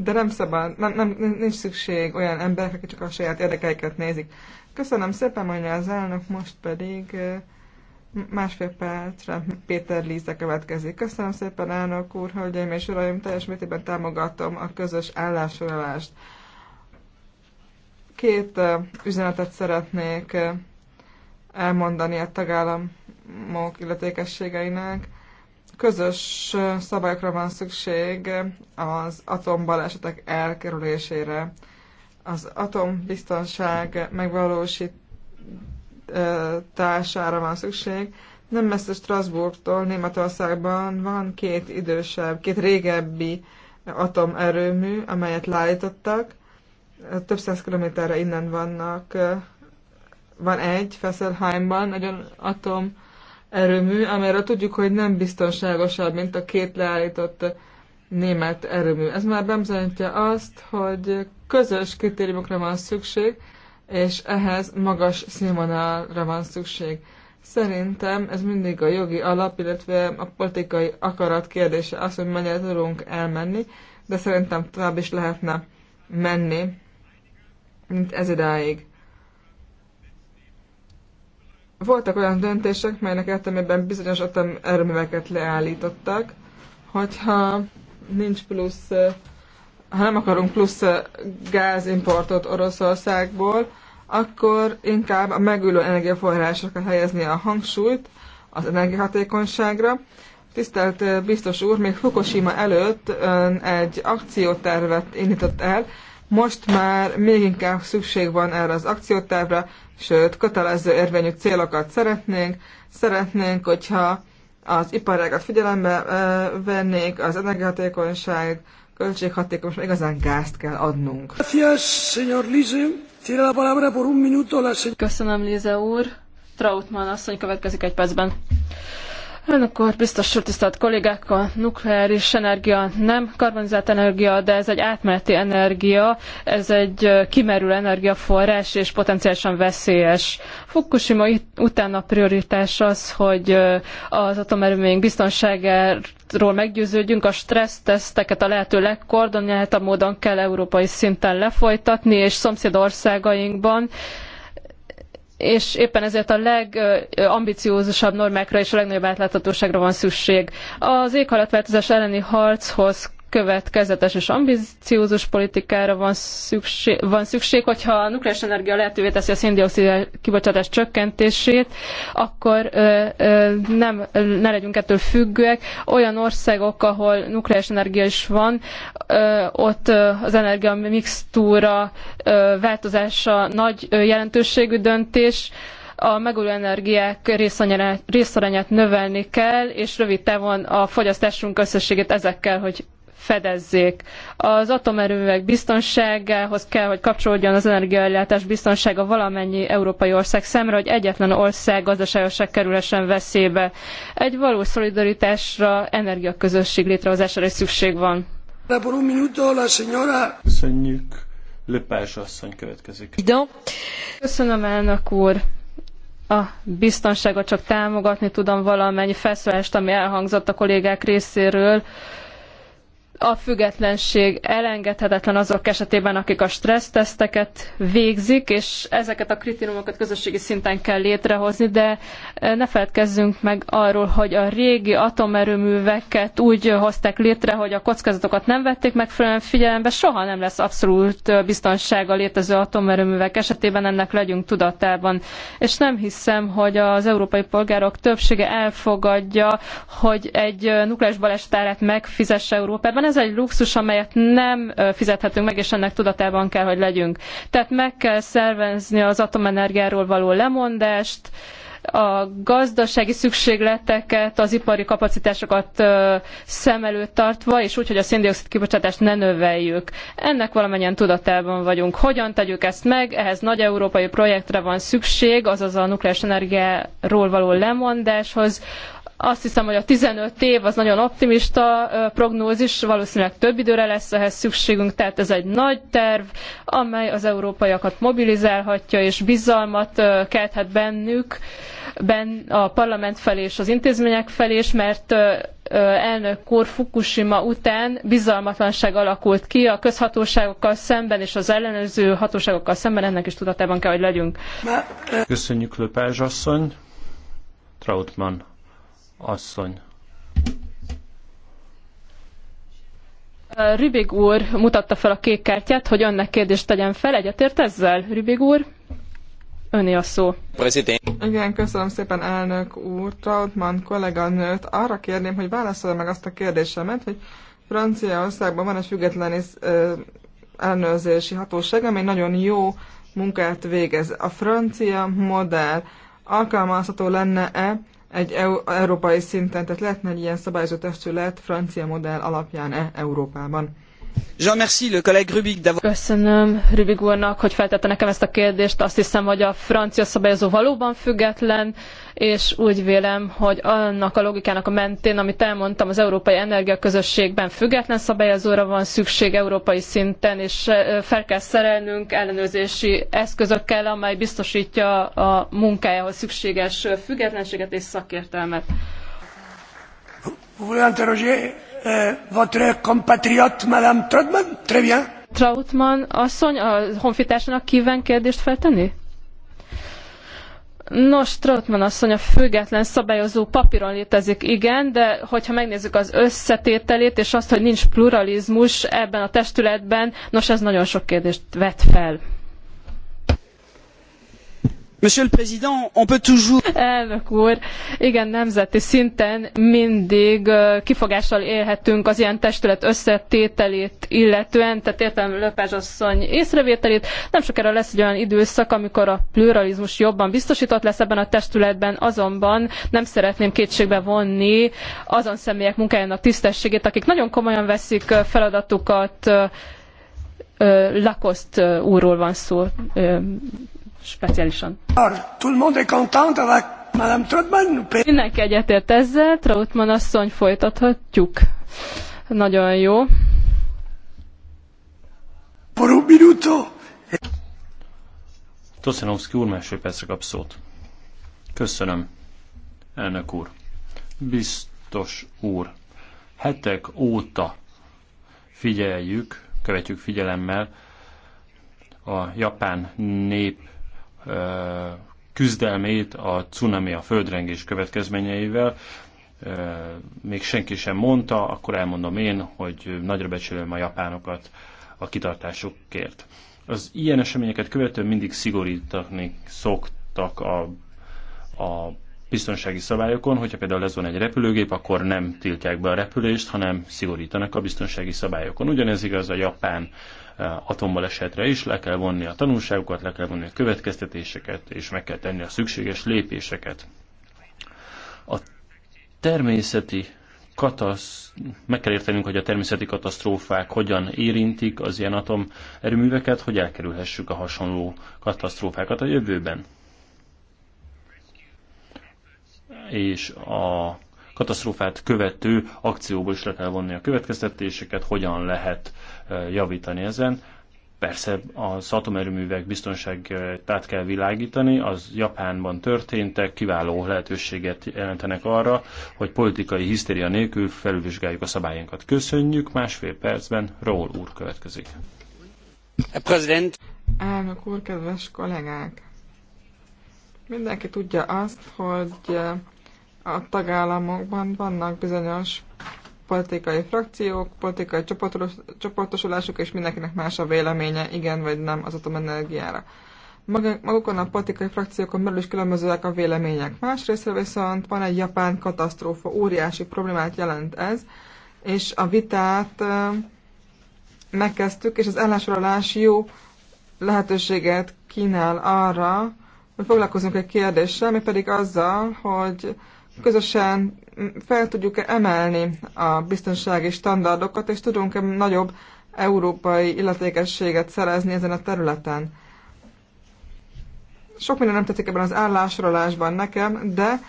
de nem szabad, nem, nem, nincs szükség olyan emberekre, akik csak a saját érdekeiket nézik. Köszönöm szépen, mondja az elnök, most pedig másfél percre Péter Líze következik. Köszönöm szépen, elnök úr, hölgyeim és uraim, teljes mértékben támogatom a közös állásfoglalást. Két üzenetet szeretnék elmondani a tagállamok illetékességeinek. Közös szabályokra van szükség az atombalesetek elkerülésére. Az atombiztonság megvalósítására van szükség. Nem messze Strasbourgtól, Németországban van két idősebb, két régebbi atomerőmű, amelyet lájtottak. Több száz kilométerre innen vannak, van egy, Fesselheimban, nagyon atom erőmű, amelyre tudjuk, hogy nem biztonságosabb, mint a két leállított német erőmű. Ez már bemutatja azt, hogy közös kritériumokra van szükség, és ehhez magas színvonalra van szükség. Szerintem ez mindig a jogi alap, illetve a politikai akarat kérdése az, hogy mennyire tudunk elmenni, de szerintem tovább is lehetne menni, mint ez idáig voltak olyan döntések, melynek értelmében bizonyos erőműveket leállítottak, hogyha nincs plusz, ha nem akarunk plusz gázimportot Oroszországból, akkor inkább a megülő energiaforrásokra helyezni a hangsúlyt, az energiahatékonyságra. Tisztelt biztos úr, még Fukushima előtt ön egy akciótervet indított el, most már még inkább szükség van erre az akciótávra, sőt, kötelező érvényű célokat szeretnénk. Szeretnénk, hogyha az iparágat figyelembe vennék, az energiahatékonyság, költséghatékony, most igazán gázt kell adnunk. Köszönöm, Lize úr. Trautmann asszony következik egy percben úr, biztos úr, tisztelt kollégák, a nukleáris energia nem karbonizált energia, de ez egy átmeneti energia, ez egy kimerülő energiaforrás és potenciálisan veszélyes. Fukushima után a prioritás az, hogy az atomerőmények biztonságáról meggyőződjünk, a stresszteszteket a lehető legkoordináltabb módon kell európai szinten lefolytatni, és szomszédországainkban országainkban és éppen ezért a legambiciózusabb normákra és a legnagyobb átláthatóságra van szükség. Az éghajlatváltozás elleni harchoz következetes és ambiciózus politikára van szükség, van szükség hogyha a nukleáris energia lehetővé teszi a széndiokszid kibocsátás csökkentését, akkor ö, ö, nem, ne legyünk ettől függőek. Olyan országok, ahol nukleáris energia is van, ö, ott az energia mixtúra változása nagy jelentőségű döntés, a megújuló energiák részarányát növelni kell, és rövid távon a fogyasztásunk összességét ezekkel, hogy fedezzék. Az atomerőművek biztonságához kell, hogy kapcsolódjon az energiaellátás biztonsága valamennyi európai ország szemre, hogy egyetlen ország gazdaságoság kerülhessen veszélybe. Egy valós szolidaritásra, energiaközösség létrehozására is szükség van. Köszönjük. Löpás asszony következik. Köszönöm, elnök úr a biztonságot csak támogatni tudom valamennyi feszülést, ami elhangzott a kollégák részéről, a függetlenség elengedhetetlen azok esetében, akik a stresszteszteket végzik, és ezeket a kritériumokat közösségi szinten kell létrehozni, de e, ne feledkezzünk meg arról, hogy a régi atomerőműveket úgy hozták létre, hogy a kockázatokat nem vették megfelelően figyelembe, soha nem lesz abszolút biztonság a létező atomerőművek esetében, ennek legyünk tudatában. És nem hiszem, hogy az európai polgárok többsége elfogadja, hogy egy nukleáris baleset árát megfizesse Európában. Ez ez egy luxus, amelyet nem fizethetünk meg, és ennek tudatában kell, hogy legyünk. Tehát meg kell szervezni az atomenergiáról való lemondást, a gazdasági szükségleteket, az ipari kapacitásokat szem előtt tartva, és úgy, hogy a széndiokszid kibocsátást ne növeljük. Ennek valamennyien tudatában vagyunk. Hogyan tegyük ezt meg? Ehhez nagy európai projektre van szükség, azaz a nukleáris energiáról való lemondáshoz, azt hiszem, hogy a 15 év az nagyon optimista prognózis, valószínűleg több időre lesz ehhez szükségünk, tehát ez egy nagy terv, amely az európaiakat mobilizálhatja és bizalmat kelthet bennük ben a parlament felé és az intézmények felé is, mert elnök úr Fukushima után bizalmatlanság alakult ki a közhatóságokkal szemben és az ellenőrző hatóságokkal szemben, ennek is tudatában kell, hogy legyünk. Köszönjük Löpázs asszony, Trautmann asszony. Rübig úr mutatta fel a kék kártyát, hogy önnek kérdést tegyen fel. Egyetért ezzel, Rübig úr? Öné a szó. President. Igen, köszönöm szépen, elnök úr. Trautmann kolléganőt arra kérném, hogy válaszolja meg azt a kérdésemet, hogy Franciaországban van egy független és, ö, ellenőrzési hatóság, ami nagyon jó munkát végez. A francia modell alkalmazható lenne-e egy EU, európai szinten, tehát lehetne egy ilyen szabályozó testület francia modell alapján -e Európában. Köszönöm Rubik úrnak, hogy feltette nekem ezt a kérdést. Azt hiszem, hogy a francia szabályozó valóban független, és úgy vélem, hogy annak a logikának a mentén, amit elmondtam, az Európai Energiaközösségben független szabályozóra van szükség európai szinten, és fel kell szerelnünk ellenőrzési eszközökkel, amely biztosítja a munkájához szükséges függetlenséget és szakértelmet. Vous voulez Euh, votre compatriote, Madame Trautmann? Très bien. Trautmann asszony, a honfitársának kíván kérdést feltenni? Nos, Trautmann asszony, a független szabályozó papíron létezik, igen, de hogyha megnézzük az összetételét és azt, hogy nincs pluralizmus ebben a testületben, nos, ez nagyon sok kérdést vet fel. Monsieur le Président, on peut toujours... Elnök úr, igen, nemzeti szinten mindig kifogással élhetünk az ilyen testület összetételét illetően, tehát értem Löpázs asszony észrevételét. Nem sokára lesz egy olyan időszak, amikor a pluralizmus jobban biztosított lesz ebben a testületben, azonban nem szeretném kétségbe vonni azon személyek munkájának tisztességét, akik nagyon komolyan veszik feladatukat, Lakoszt úrról van szó, speciálisan. Mindenki egyetért ezzel, Trautmann asszony, folytathatjuk. Nagyon jó. Por un minuto. Toszanovszki úr másodpercre kap szót. Köszönöm, elnök úr. Biztos úr, hetek óta figyeljük, követjük figyelemmel a japán nép küzdelmét a cunami, a földrengés következményeivel. Még senki sem mondta, akkor elmondom én, hogy nagyra becsülöm a japánokat a kitartásukért. Az ilyen eseményeket követően mindig szigorítani szoktak a, a biztonsági szabályokon, hogyha például lesz van egy repülőgép, akkor nem tiltják be a repülést, hanem szigorítanak a biztonsági szabályokon. Ugyanez igaz a japán uh, Eh, atombalesetre is, le kell vonni a tanulságokat, le kell vonni a következtetéseket, és meg kell tenni a szükséges lépéseket. A természeti katasz... meg kell értenünk, hogy a természeti katasztrófák hogyan érintik az ilyen atomerőműveket, hogy elkerülhessük a hasonló katasztrófákat a jövőben. És a katasztrófát követő akcióból is le kell vonni a következtetéseket, hogyan lehet javítani ezen. Persze az atomerőművek biztonságát kell világítani, az Japánban történtek, kiváló lehetőséget jelentenek arra, hogy politikai hisztéria nélkül felülvizsgáljuk a szabályunkat. Köszönjük, másfél percben Ról úr következik. Elnök úr, kedves kollégák! Mindenki tudja azt, hogy a tagállamokban vannak bizonyos politikai frakciók, politikai csoportosulások, és mindenkinek más a véleménye, igen vagy nem az atomenergiára. Magukon a politikai frakciókon belül is különbözőek a vélemények. Másrészt viszont van egy japán katasztrófa, óriási problémát jelent ez, és a vitát megkezdtük, és az ellensorolás jó lehetőséget kínál arra, hogy foglalkozunk egy kérdéssel, mi pedig azzal, hogy közösen fel tudjuk-e emelni a biztonsági standardokat, és tudunk-e nagyobb európai illetékességet szerezni ezen a területen. Sok minden nem tetszik ebben az állásolásban nekem, de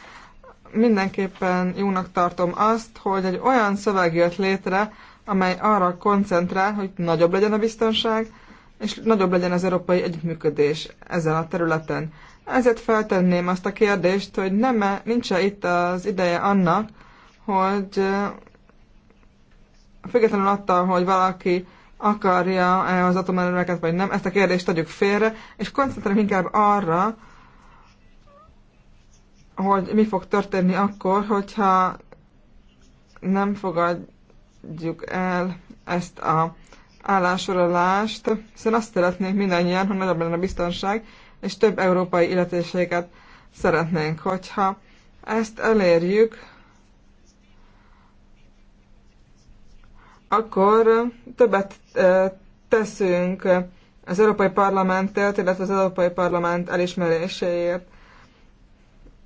mindenképpen jónak tartom azt, hogy egy olyan szöveg jött létre, amely arra koncentrál, hogy nagyobb legyen a biztonság, és nagyobb legyen az európai együttműködés ezen a területen. Ezért feltenném azt a kérdést, hogy nem -e, nincs -e itt az ideje annak, hogy függetlenül attól, hogy valaki akarja-e az atomerőmeket, vagy nem, ezt a kérdést tegyük félre, és koncentráljunk inkább arra, hogy mi fog történni akkor, hogyha nem fogadjuk el ezt a állásorolást, hiszen szóval azt szeretnénk mindannyian, hogy nagyobb lenne a biztonság, és több európai illetéséget szeretnénk, hogyha ezt elérjük, akkor többet teszünk az Európai Parlamentért, illetve az Európai Parlament elismeréséért.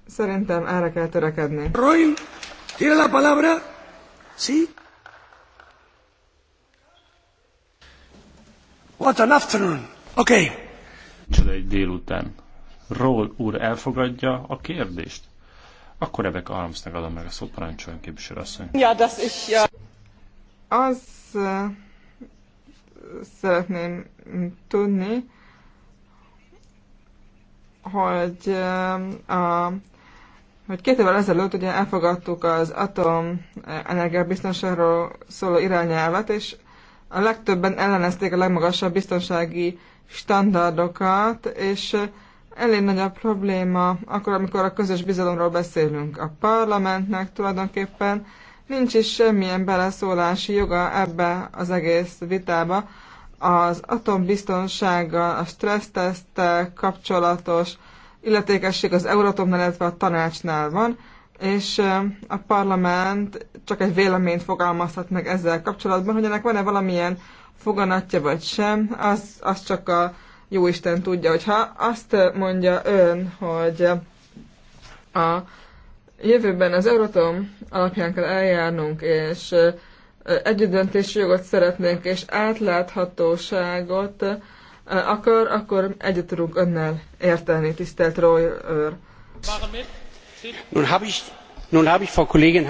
Szerintem erre kell törekedni. Roy, tiene la palabra? Sí? What an afternoon. Okay. Csoda egy délután. Ról úr elfogadja a kérdést? Akkor Rebecca Harmsnak adom meg a szót, parancsoljon képviselőasszony. Ja, das is, ja. Az uh, szeretném tudni, hogy uh, a hogy két évvel ezelőtt ugye elfogadtuk az atom energiabiztonságról szóló irányelvet, és a legtöbben ellenezték a legmagasabb biztonsági standardokat, és elég nagy a probléma akkor, amikor a közös bizalomról beszélünk. A parlamentnek tulajdonképpen nincs is semmilyen beleszólási joga ebbe az egész vitába. Az atombiztonsággal, a stressztesztel kapcsolatos illetékesség az Euratomnál, illetve a tanácsnál van, és a parlament csak egy véleményt fogalmazhat meg ezzel kapcsolatban, hogy ennek van-e valamilyen foganatja vagy sem, az, az csak a Jóisten tudja, hogyha azt mondja ön, hogy a jövőben az Euratom alapján kell eljárnunk, és együttdöntési jogot szeretnénk, és átláthatóságot, akar, akkor egyet tudunk önnel érteni, tisztelt Roy őr. Nun habe ich, nun habe ich, Frau Kollegin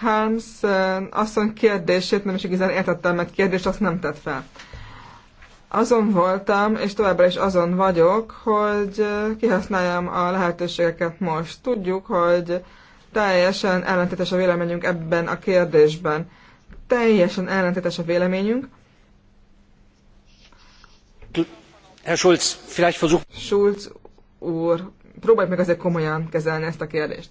Harms asszony kérdését nem is igazán értettem, meg kérdést azt nem tett fel. Azon voltam, és továbbra is azon vagyok, hogy kihasználjam a lehetőségeket most. Tudjuk, hogy teljesen ellentétes a véleményünk ebben a kérdésben. Teljesen ellentétes a véleményünk. Herr Schulz, vielleicht versuch... Schulz úr, próbálj meg azért komolyan kezelni ezt a kérdést.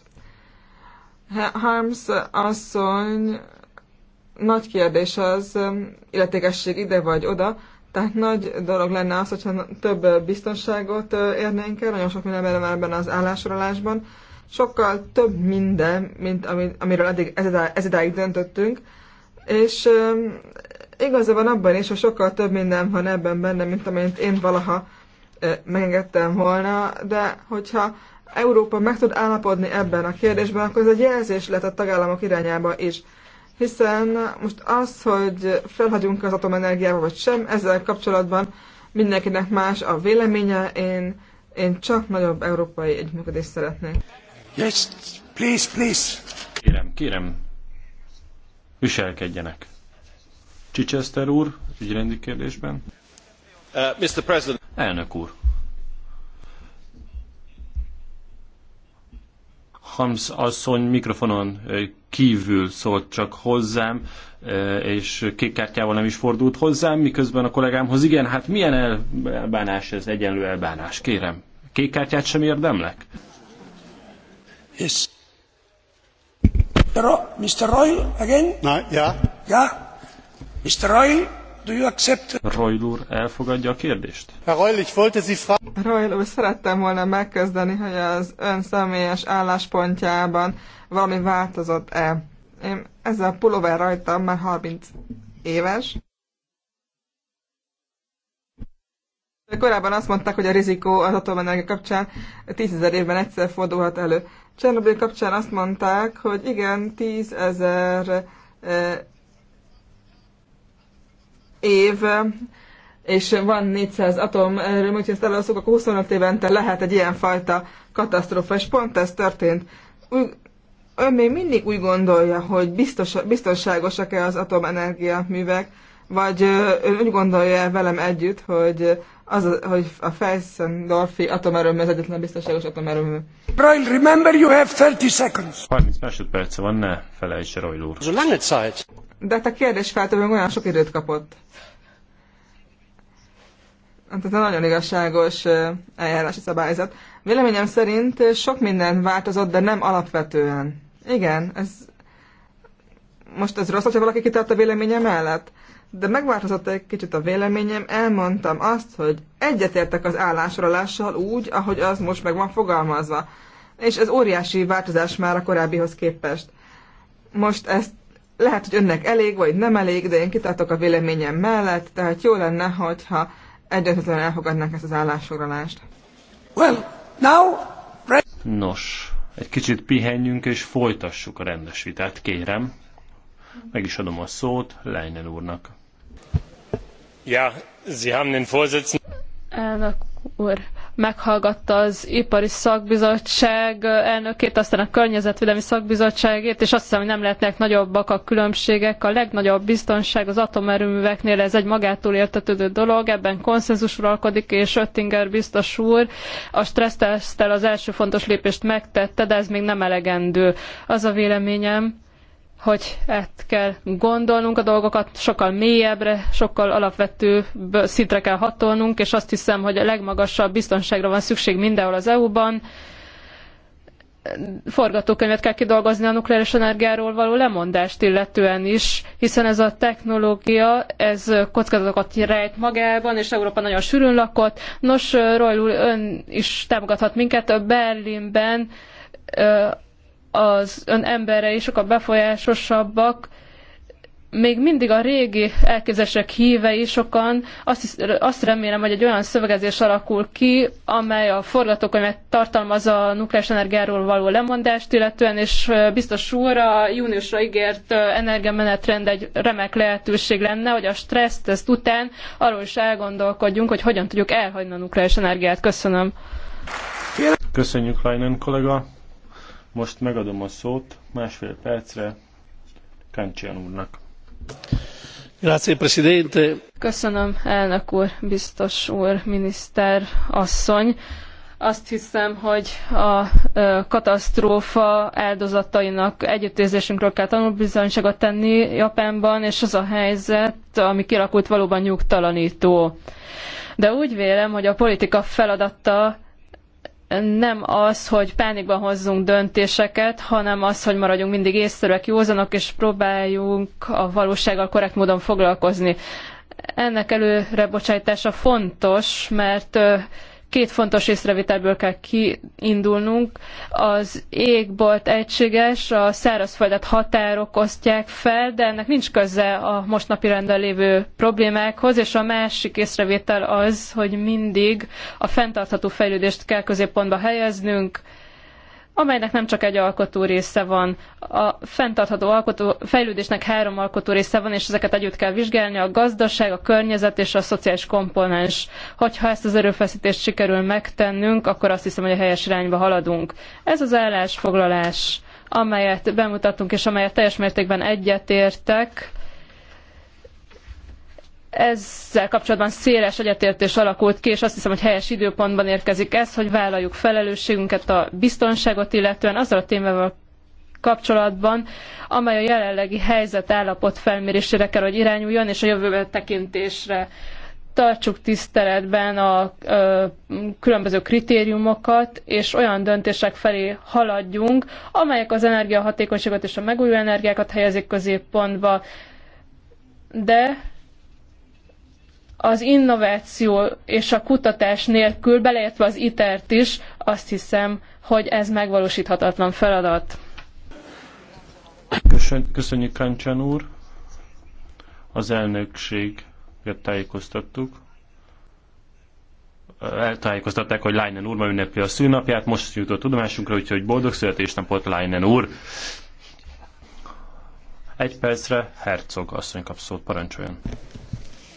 Harms asszony nagy kérdés az um, illetékesség ide vagy oda, tehát nagy dolog lenne az, hogyha több biztonságot uh, érnénk el, nagyon sok minden van ebben az állásolásban. Sokkal több minden, mint amiről eddig ez, idáig, döntöttünk, és um, igaza van abban is, hogy sokkal több minden van ebben benne, mint amint én valaha uh, megengedtem volna, de hogyha Európa meg tud állapodni ebben a kérdésben, akkor ez egy jelzés lett a tagállamok irányába is. Hiszen most az, hogy felhagyunk az atomenergiába vagy sem, ezzel kapcsolatban mindenkinek más a véleménye, én, én csak nagyobb európai együttműködést szeretnék. Yes, please, please. Kérem, kérem, viselkedjenek. Chichester úr, ügyrendi kérdésben. Uh, Mr. President. Elnök úr, Harms asszony mikrofonon kívül szólt csak hozzám, és kék kártyával nem is fordult hozzám, miközben a kollégámhoz igen, hát milyen elbánás ez, egyenlő elbánás, kérem. Kék kártyát sem érdemlek? Yes. Mr. Roy, again? No, yeah. Yeah. Mr. Roy, Do Royl úr elfogadja a kérdést? Royl, úr, szerettem volna megkezdeni, hogy az ön személyes álláspontjában valami változott-e. Én ezzel a pulóver rajtam már 30 éves. Korábban azt mondták, hogy a rizikó az atomenergia kapcsán 10.000 évben egyszer fordulhat elő. Csernobyl kapcsán azt mondták, hogy igen, 10 ezer eh, év, és van 400 atomerőm, úgyhogy ezt eloszok, akkor 25 évente lehet egy fajta katasztrófa, és pont ez történt. Úgy, ön még mindig úgy gondolja, hogy biztos, biztonságosak-e az atomenergia művek, vagy ön úgy gondolja velem együtt, hogy, az hogy a Felsendorfi atomerőmű az egyetlen biztonságos atomerőmű. Brian, remember you have 30 seconds. 30 másodperc van, ne felejts, Royl úr. De hát a kérdés feltevőnk olyan sok időt kapott. Tehát nagyon igazságos eljárási szabályzat. Véleményem szerint sok minden változott, de nem alapvetően. Igen, ez... Most ez rossz, hogy valaki kitart a véleményem mellett? De megváltozott egy kicsit a véleményem, elmondtam azt, hogy egyetértek az állásrólással úgy, ahogy az most meg van fogalmazva. És ez óriási változás már a korábbihoz képest. Most ezt lehet, hogy önnek elég, vagy nem elég, de én kitartok a véleményem mellett, tehát jó lenne, hogyha egyetlen elfogadnánk ezt az állásfoglalást. Well, now... Nos, egy kicsit pihenjünk és folytassuk a rendes vitát, kérem. Meg is adom a szót Leinen úrnak. Ja, Sie haben den Vorsitzenden... Elnök úr, meghallgatta az Ipari Szakbizottság elnökét, aztán a Környezetvédelmi Szakbizottságét, és azt hiszem, hogy nem lehetnek nagyobbak a különbségek. A legnagyobb biztonság az atomerőműveknél, ez egy magától értetődő dolog, ebben konszenzus uralkodik, és Öttinger biztos úr a stressztesztel az első fontos lépést megtette, de ez még nem elegendő. Az a véleményem, hogy át kell gondolnunk a dolgokat, sokkal mélyebbre, sokkal alapvetőbb szintre kell hatolnunk, és azt hiszem, hogy a legmagasabb biztonságra van szükség mindenhol az EU-ban. Forgatókönyvet kell kidolgozni a nukleáris energiáról való lemondást illetően is, hiszen ez a technológia, ez kockázatokat rejt magában, és Európa nagyon sűrűn lakott. Nos, Royal ön is támogathat minket, a Berlinben az ön emberei sokkal befolyásosabbak, még mindig a régi elképzelések hívei sokan, azt, azt remélem, hogy egy olyan szövegezés alakul ki, amely a forgatókönyvet tartalmaz a nukleáris energiáról való lemondást, illetően, és biztos úr, a júniusra ígért energiamenetrend egy remek lehetőség lenne, hogy a ezt után arról is elgondolkodjunk, hogy hogyan tudjuk elhagyni a nukleáris energiát. Köszönöm. Köszönjük, Leinen kollega. Most megadom a szót másfél percre Kancsian úrnak. Grazie, Presidente. Köszönöm, elnök úr, biztos úr, miniszter asszony. Azt hiszem, hogy a katasztrófa áldozatainak együttérzésünkről kell tanulbizonyságot tenni Japánban, és az a helyzet, ami kilakult valóban nyugtalanító. De úgy vélem, hogy a politika feladata nem az, hogy pánikban hozzunk döntéseket, hanem az, hogy maradjunk mindig észszerűek, józanok, és próbáljunk a valósággal korrekt módon foglalkozni. Ennek előrebocsájtása fontos, mert Két fontos észrevételből kell kiindulnunk. Az égbolt egységes, a szárazföldet határok osztják fel, de ennek nincs köze a most napirenden lévő problémákhoz, és a másik észrevétel az, hogy mindig a fenntartható fejlődést kell középpontba helyeznünk, amelynek nem csak egy alkotó része van. A fenntartható alkotó, fejlődésnek három alkotó része van, és ezeket együtt kell vizsgálni, a gazdaság, a környezet és a szociális komponens. Hogyha ezt az erőfeszítést sikerül megtennünk, akkor azt hiszem, hogy a helyes irányba haladunk. Ez az állásfoglalás, amelyet bemutattunk, és amelyet teljes mértékben egyetértek, ezzel kapcsolatban széles egyetértés alakult ki, és azt hiszem, hogy helyes időpontban érkezik ez, hogy vállaljuk felelősségünket a biztonságot, illetően azzal a témával kapcsolatban, amely a jelenlegi helyzet állapot felmérésére kell, hogy irányuljon, és a jövőbe tekintésre tartsuk tiszteletben a ö, különböző kritériumokat, és olyan döntések felé haladjunk, amelyek az energiahatékonyságot és a megújuló energiákat helyezik középpontba, de az innováció és a kutatás nélkül, beleértve az ITER-t e is, azt hiszem, hogy ez megvalósíthatatlan feladat. Köszönjük Kancsán úr. Az elnökséget tájékoztattuk. Eltájékoztatták, hogy Leinen úr ma ünnepli a szűnapját, most jutott tudomásunkra, úgyhogy boldog születésnapot Leinen úr. Egy percre Herzog asszony kap szót, parancsoljon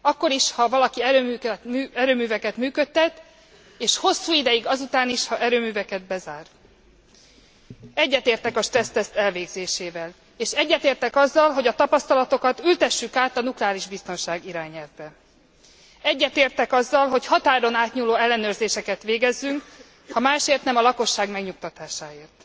akkor is ha valaki erőműveket működtet és hosszú ideig azután is ha erőműveket bezár. egyetértek a stresszteszt elvégzésével és egyetértek azzal hogy a tapasztalatokat ültessük át a nukleáris biztonság irányelvbe. egyetértek azzal hogy határon átnyúló ellenőrzéseket végezzünk ha másért nem a lakosság megnyugtatásáért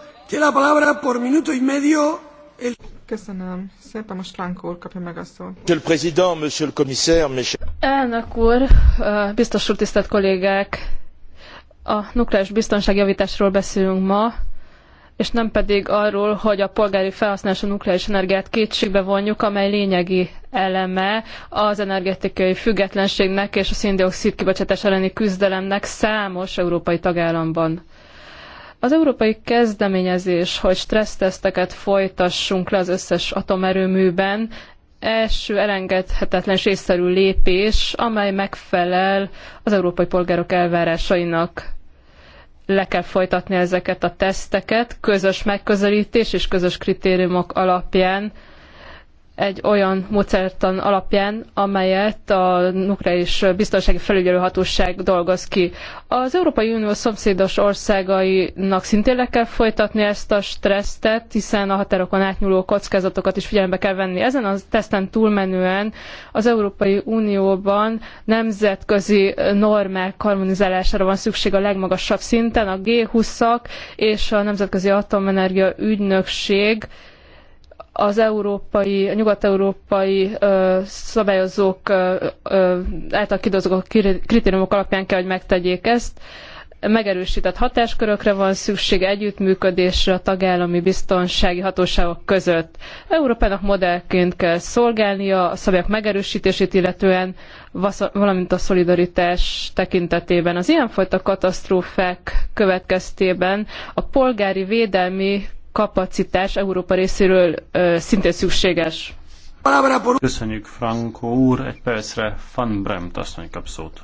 Monsieur le Président, Monsieur le Commissaire, mes Elnök úr, biztos úr, tisztelt kollégák! A nukleáris biztonság javtásáról beszélünk ma, és nem pedig arról, hogy a polgári felhasználású nukleáris energiát kétségbe vonjuk, amely lényegi eleme az energetikai függetlenségnek és a szén dioxid kibocsátás elleni küzdelemnek számos európai tagállamban. Az európai kezdeményezés, hogy stresszteszteket folytassunk le az összes atomerőműben, első elengedhetetlen és észszerű lépés, amely megfelel az európai polgárok elvárásainak. Le kell folytatni ezeket a teszteket közös megközelítés és közös kritériumok alapján, egy olyan módszertan alapján, amelyet a nukleáris biztonsági felügyelőhatóság dolgoz ki. Az Európai Unió szomszédos országainak szintén le kell folytatni ezt a stressztet, hiszen a határokon átnyúló kockázatokat is figyelembe kell venni. Ezen a teszten túlmenően az Európai Unióban nemzetközi normák harmonizálására van szükség a legmagasabb szinten, a G20-ak és a Nemzetközi Atomenergia Ügynökség az európai, nyugat-európai szabályozók ö, által kidolgozott kritériumok alapján kell, hogy megtegyék ezt. Megerősített hatáskörökre van szükség együttműködésre a tagállami biztonsági hatóságok között. Európának modellként kell szolgálnia a szabályok megerősítését, illetően valamint a szolidaritás tekintetében. Az ilyenfajta katasztrófák következtében a polgári védelmi kapacitás Európa részéről szintén szükséges. Köszönjük, Franco úr. Egy percre Van Bremt asszony kap szót.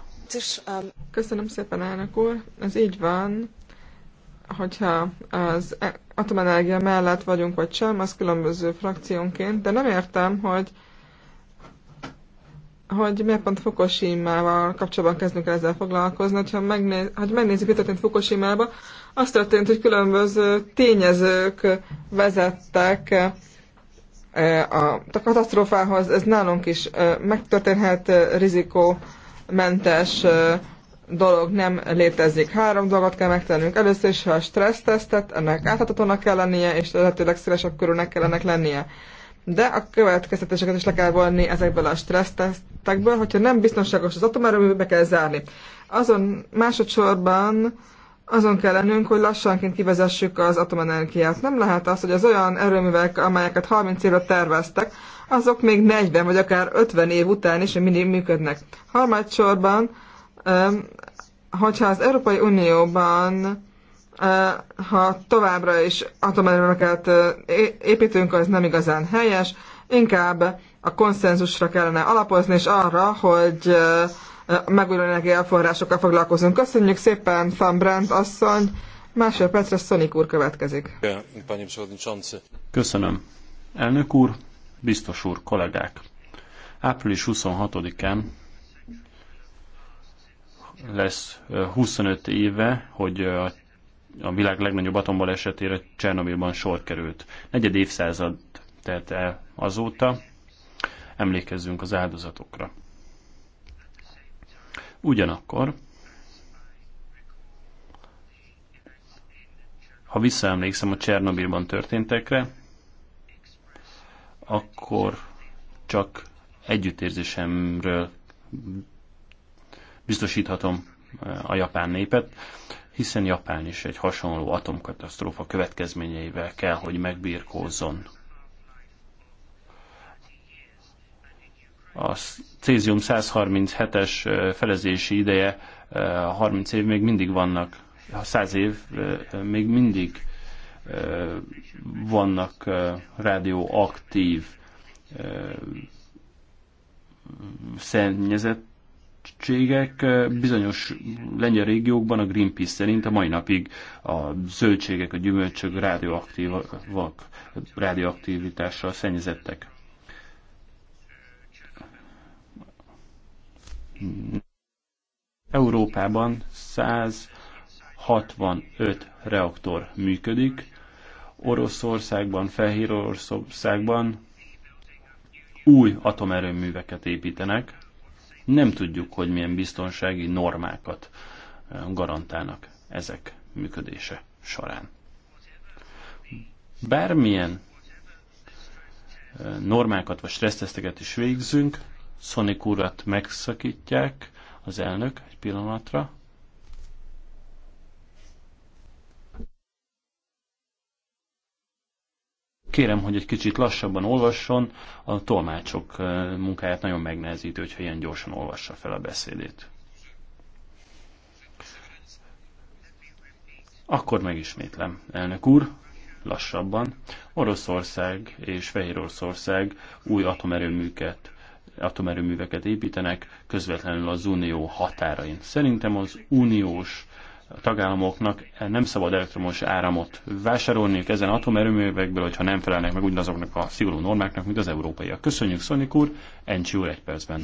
Köszönöm szépen, elnök úr. Ez így van, hogyha az atomenergia mellett vagyunk, vagy sem, az különböző frakciónként, de nem értem, hogy hogy miért pont Fukushima-val kapcsolatban kezdünk el ezzel foglalkozni, hogyha megnéz, hogy megnézzük, mi történt Fukushima-ba, az történt, hogy különböző tényezők vezettek e, a katasztrófához. Ez nálunk is e, megtörténhet e, rizikómentes dolog nem létezik. Három dolgot kell megtennünk. Először is, ha a stressztesztet, ennek áthatónak kell lennie, és lehetőleg szélesebb körülnek kell ennek lennie. De a következtetéseket is le kell vonni ezekből a stressztesztekből, hogyha nem biztonságos az atomerőmű, be kell zárni. Azon másodszorban azon kell lennünk, hogy lassanként kivezessük az atomenergiát. Nem lehet az, hogy az olyan erőművek, amelyeket 30 évre terveztek, azok még 40 vagy akár 50 év után is mindig működnek. Harmadsorban, hogyha az Európai Unióban ha továbbra is atomenergiát építünk, az nem igazán helyes, inkább a konszenzusra kellene alapozni, és arra, hogy megújuló energiaforrásokkal foglalkozunk. Köszönjük szépen, Van Brandt asszony! Másfél percre Szonik úr következik. Köszönöm. Elnök úr, biztos úr, kollégák! Április 26-án lesz 25 éve, hogy a világ legnagyobb atombal esetére Csernobilban sor került. Negyed évszázad telt el azóta, emlékezzünk az áldozatokra. Ugyanakkor, ha visszaemlékszem a Csernobilban történtekre, akkor csak együttérzésemről biztosíthatom eh, a japán népet, hiszen Japán is egy hasonló atomkatasztrófa következményeivel kell, hogy megbírkózzon. a cézium 137-es felezési ideje 30 év még mindig vannak, 100 év még mindig vannak rádióaktív szennyezettségek. Bizonyos lengyel régiókban a Greenpeace szerint a mai napig a zöldségek, a gyümölcsök rádióaktívak, rádióaktivitással szennyezettek. Európában 165 reaktor működik, Oroszországban, Fehér Oroszországban új atomerőműveket építenek, nem tudjuk, hogy milyen biztonsági normákat eh, garantálnak ezek működése során. Bármilyen eh, normákat vagy stresszteszteket is végzünk, Szonik urat megszakítják, az elnök egy pillanatra. Kérem, hogy egy kicsit lassabban olvasson, a tolmácsok eh, munkáját nagyon megnehezítő, hogyha ilyen gyorsan olvassa fel a beszédét. Akkor megismétlem, elnök úr, lassabban. Oroszország és Fehéroroszország új atomerőműket atomerőműveket építenek közvetlenül az unió határain. Szerintem az uniós tagállamoknak nem szabad elektromos áramot vásárolniuk ezen atomerőművekből, hogyha nem felelnek meg ugyanazoknak a szigorú normáknak, mint az európaiak. Köszönjük, Szonik úr, Encsi úr egy percben.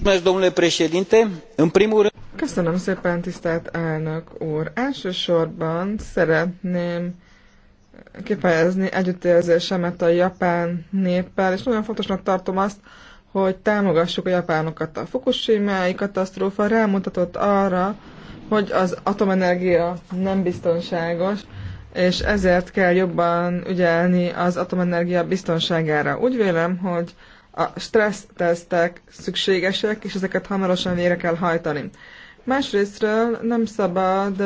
Köszönöm szépen, tisztelt elnök úr. Elsősorban szeretném kifejezni együttérzésemet a japán néppel, és nagyon fontosnak tartom azt, hogy támogassuk a japánokat. A fukushima katasztrófa rámutatott arra, hogy az atomenergia nem biztonságos, és ezért kell jobban ügyelni az atomenergia biztonságára. Úgy vélem, hogy a stressztesztek szükségesek, és ezeket hamarosan vére kell hajtani. Másrésztről nem szabad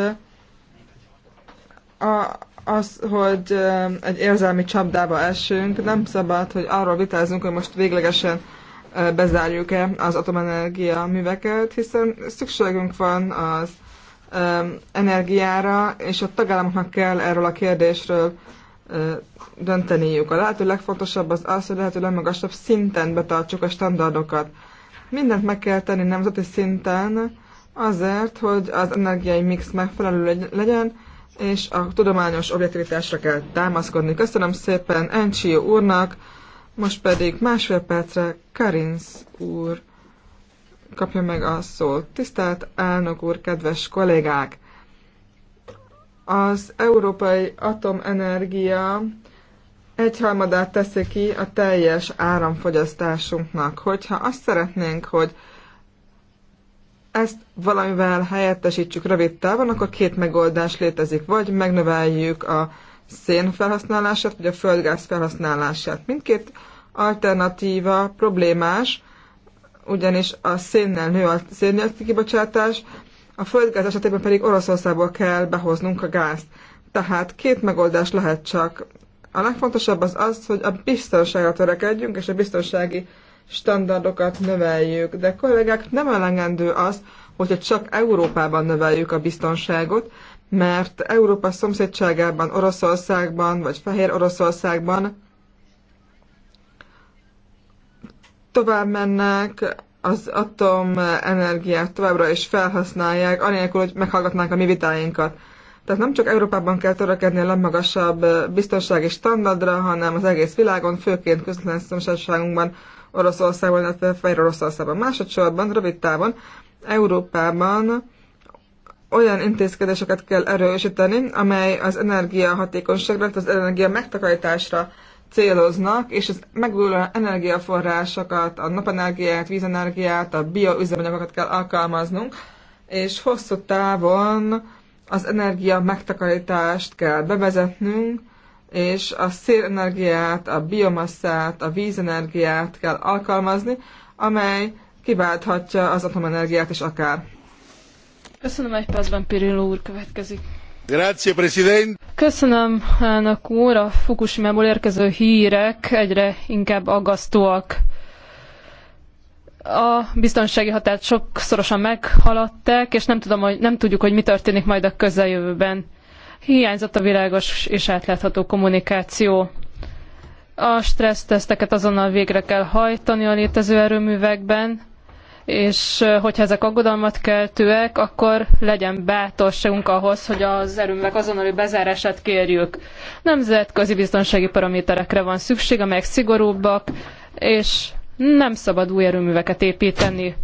a, az, hogy um, egy érzelmi csapdába esünk, nem szabad, hogy arról vitázunk, hogy most véglegesen bezárjuk-e az atomenergia műveket, hiszen szükségünk van az energiára, és a tagállamoknak kell erről a kérdésről dönteniük. A lehető legfontosabb az az, hogy lehető legmagasabb szinten betartsuk a standardokat. Mindent meg kell tenni nemzeti szinten azért, hogy az energiai mix megfelelő legyen, és a tudományos objektivitásra kell támaszkodni. Köszönöm szépen NCO úrnak, most pedig másfél percre Karinsz úr kapja meg a szót. Tisztelt elnök úr, kedves kollégák! Az európai atomenergia egyharmadát teszi ki a teljes áramfogyasztásunknak. Hogyha azt szeretnénk, hogy ezt valamivel helyettesítsük rövid távon, akkor két megoldás létezik. Vagy megnöveljük a szén felhasználását, vagy a földgáz felhasználását. Mindkét alternatíva problémás, ugyanis a szénnel nő a széndiokszid kibocsátás, a földgáz esetében pedig Oroszországból kell behoznunk a gázt. Tehát két megoldás lehet csak. A legfontosabb az az, hogy a biztonságra törekedjünk, és a biztonsági standardokat növeljük. De kollégák, nem elengedő az, hogyha csak Európában növeljük a biztonságot, mert Európa szomszédságában, Oroszországban vagy Fehér Oroszországban tovább mennek az atomenergiát továbbra is felhasználják, anélkül, hogy meghallgatnánk a mi vitáinkat. Tehát nem csak Európában kell törekedni a legmagasabb biztonsági standardra, hanem az egész világon, főként közvetlen szomszédságunkban, Oroszországban, illetve Fehér Oroszországban. Másodszorban, rövid távon, Európában olyan intézkedéseket kell erősíteni, amely az energiahatékonyságra, tehát az energia megtakarításra céloznak, és az megújuló energiaforrásokat, a napenergiát, vízenergiát, a bioüzemanyagokat kell alkalmaznunk, és hosszú távon az energia megtakarítást kell bevezetnünk, és a szélenergiát, a biomasszát, a vízenergiát kell alkalmazni, amely kiválthatja az atomenergiát is akár. Köszönöm egy percben, Pirillo úr következik. Grazie, President. Köszönöm, elnök úr. A Fukushimából érkező hírek egyre inkább aggasztóak. A biztonsági határt sokszorosan meghaladták, és nem, tudom, hogy, nem tudjuk, hogy mi történik majd a közeljövőben. Hiányzott a világos és átlátható kommunikáció. A stresszteszteket azonnal végre kell hajtani a létező erőművekben, és hogyha ezek aggodalmat keltőek, akkor legyen bátorságunk ahhoz, hogy az erőművek azonnali bezárását kérjük. Nemzetközi biztonsági paraméterekre van szükség, amelyek szigorúbbak, és nem szabad új erőműveket építeni.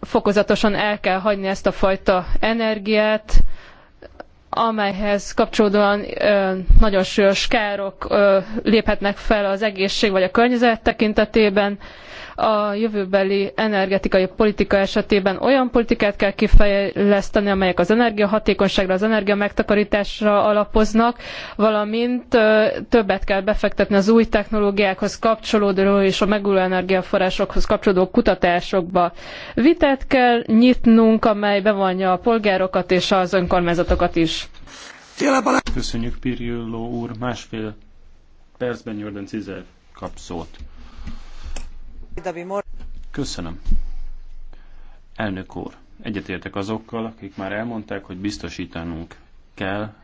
Fokozatosan el kell hagyni ezt a fajta energiát, amelyhez kapcsolódóan ö, nagyon súlyos károk ö, léphetnek fel az egészség vagy a környezet tekintetében a jövőbeli energetikai politika esetében olyan politikát kell kifejleszteni, amelyek az energiahatékonyságra, az energiamegtakarításra alapoznak, valamint többet kell befektetni az új technológiákhoz kapcsolódó és a megújuló energiaforrásokhoz kapcsolódó kutatásokba. Vitát kell nyitnunk, amely bevonja a polgárokat és az önkormányzatokat is. Köszönjük Pirilló úr, másfél percben Jordan Cizer kap szót. Köszönöm. Elnök úr, egyetértek azokkal, akik már elmondták, hogy biztosítanunk kell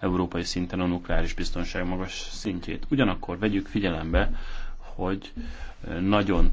európai szinten a nukleáris biztonság magas szintjét. Ugyanakkor vegyük figyelembe, hogy nagyon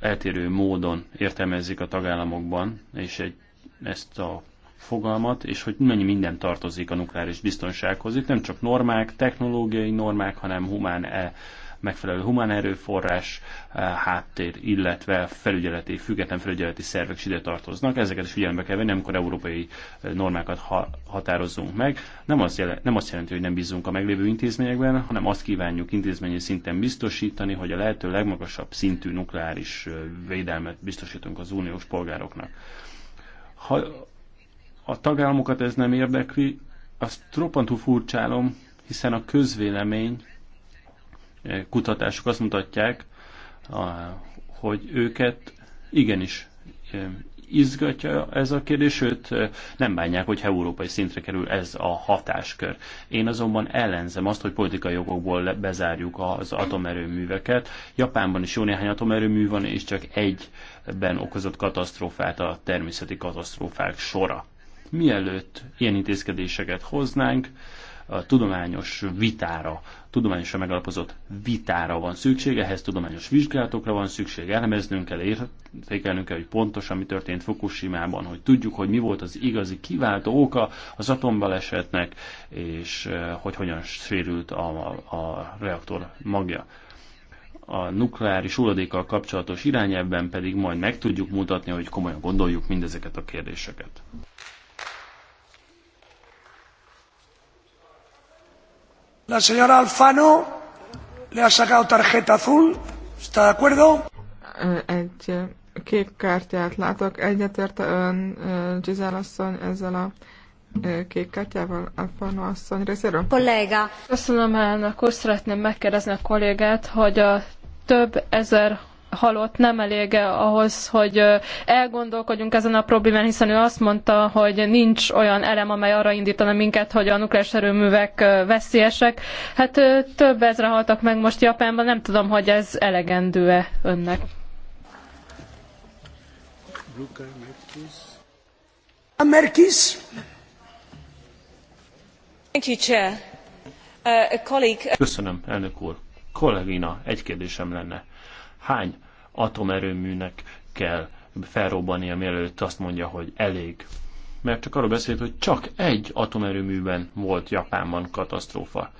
eltérő módon értelmezik a tagállamokban, és egy, ezt a fogalmat, és hogy mennyi minden tartozik a nukleáris biztonsághoz. Itt nem csak normák, technológiai normák, hanem humán e, megfelelő humán erőforrás, eh, háttér, illetve felügyeleti, független felügyeleti szervek is ide tartoznak. Ezeket is figyelembe kell venni, amikor európai eh, normákat ha- határozzunk meg. Nem, az jel- nem azt jelenti, hogy nem bízunk a meglévő intézményekben, hanem azt kívánjuk intézményi szinten biztosítani, hogy a lehető legmagasabb szintű nukleáris eh, védelmet biztosítunk az uniós polgároknak. Ha a tagállamokat ez nem érdekli, azt roppantú furcsálom, hiszen a közvélemény kutatások azt mutatják, hogy őket igenis izgatja ez a kérdés, sőt nem bánják, hogy európai szintre kerül ez a hatáskör. Én azonban ellenzem azt, hogy politikai jogokból bezárjuk az atomerőműveket. Japánban is jó néhány atomerőmű van, és csak egyben okozott katasztrófát a természeti katasztrófák sora. Mielőtt ilyen intézkedéseket hoznánk, a tudományos vitára, tudományosan megalapozott vitára van szükség, ehhez tudományos vizsgálatokra van szükség, elemeznünk kell, értékelnünk kell, hogy pontosan mi történt Fukushima-ban, hogy tudjuk, hogy mi volt az igazi kiváltó oka az atombalesetnek, és eh, hogy hogyan sérült a, a, a reaktor magja a nukleáris hulladékkal kapcsolatos irányelvben pedig majd meg tudjuk mutatni, hogy komolyan gondoljuk mindezeket a kérdéseket. Egy kék kártyát látok. Egyetért ön, Giselle asszony, ezzel a kék kártyával Alfano asszony részéről? Kolléga. Köszönöm elnök úr, szeretném megkérdezni a kollégát, hogy a több ezer halott nem elég ahhoz, hogy elgondolkodjunk ezen a problémán, hiszen ő azt mondta, hogy nincs olyan elem, amely arra indítana minket, hogy a nukleáris erőművek veszélyesek. Hát több ezre haltak meg most Japánban, nem tudom, hogy ez elegendő-e önnek. Merkis. Thank you, Chair. Uh, a colleague... Köszönöm, elnök úr. Kollégina, egy kérdésem lenne Hány atomerőműnek kell felrobbania, mielőtt azt mondja, hogy elég? Mert csak arról beszélt, hogy csak egy atomerőműben volt Japánban katasztrófa.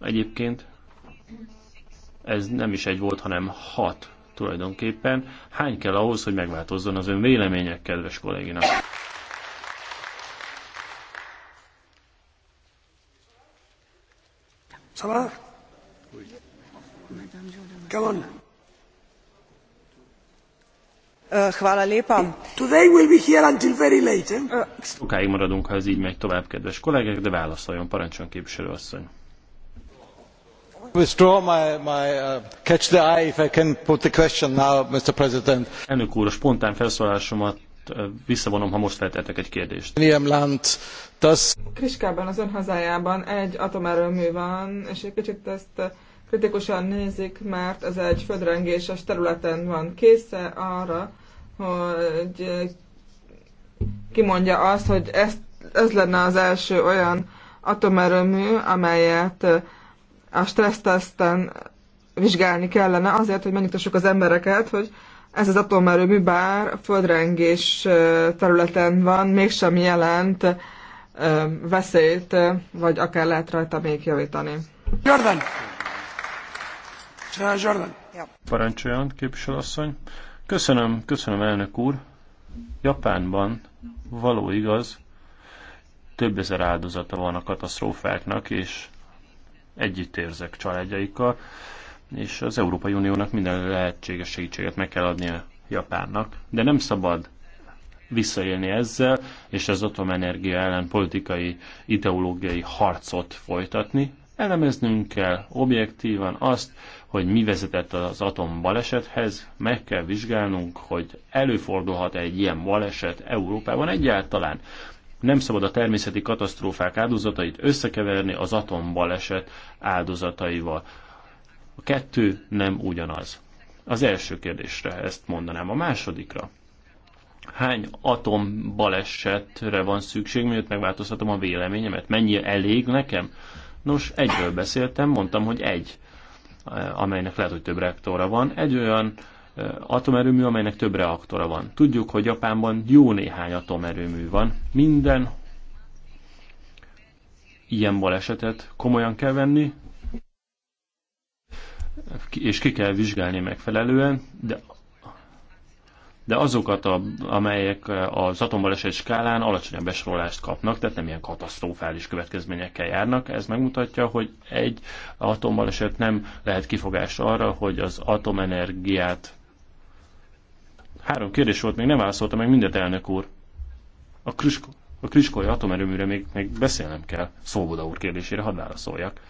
Egyébként ez nem is egy volt, hanem hat tulajdonképpen. Hány kell ahhoz, hogy megváltozzon az ön vélemények, kedves kolléginak? Come on. Eh, Sokáig maradunk, ha ez gy megy tovább, kedves kollégák, de válaszoljon, parancsoljon képviselő asszony. Uh, Elnök úr, a spontán felszólalásomat eh, visszavonom, ha most feltehetek egy kérdést. Kriskában, az ön hazájában egy atomerőmű van, és egy kicsit ezt eh, kritikusan nézik, mert ez egy földrengéses területen van. Késze arra, hogy kimondja azt, hogy ez, ez lenne az első olyan atomerőmű, amelyet a stressztesten vizsgálni kellene azért, hogy megnyugtassuk az embereket, hogy ez az atomerőmű bár földrengés területen van, mégsem jelent veszélyt, vagy akár lehet rajta még javítani. Jordan! Jordan! Ja. Parancsoljon, képviselőasszony. Köszönöm, köszönöm elnök úr. Japánban való igaz, több ezer áldozata van a katasztrófáknak, és együtt érzek családjaikkal, és az Európai Uniónak minden lehetséges segítséget meg kell adnia Japánnak, de nem szabad visszaélni ezzel, és az atomenergia ellen politikai, ideológiai harcot folytatni. Elemeznünk kell objektívan azt, hogy mi vezetett az atom balesethez, meg kell vizsgálnunk, hogy előfordulhat -e egy ilyen baleset Európában egyáltalán. Nem szabad a természeti katasztrófák áldozatait összekeverni az atom baleset áldozataival. A kettő nem ugyanaz. Az első kérdésre ezt mondanám. A másodikra. Hány atom balesetre van szükség, miért megváltoztatom a véleményemet? Mennyi elég nekem? Nos, egyről beszéltem, mondtam, hogy egy Eh, amelynek lehet, hogy több reaktora van, egy olyan eh, atomerőmű, amelynek több reaktora van. Tudjuk, hogy Japánban jó néhány atomerőmű van. Minden ilyen balesetet komolyan kell venni, és ki kell vizsgálni megfelelően, de de azokat, a, amelyek az atombaleset skálán alacsonyabb besorolást kapnak, tehát nem ilyen katasztrofális következményekkel járnak. Ez megmutatja, hogy egy atombaleset nem lehet kifogás arra, hogy az atomenergiát... Három kérdés volt, még nem válaszoltam meg mindet, elnök úr. A, Krisko, a Kriskói atomerőműre még, még beszélnem kell. Szóboda úr kérdésére hadd válaszoljak.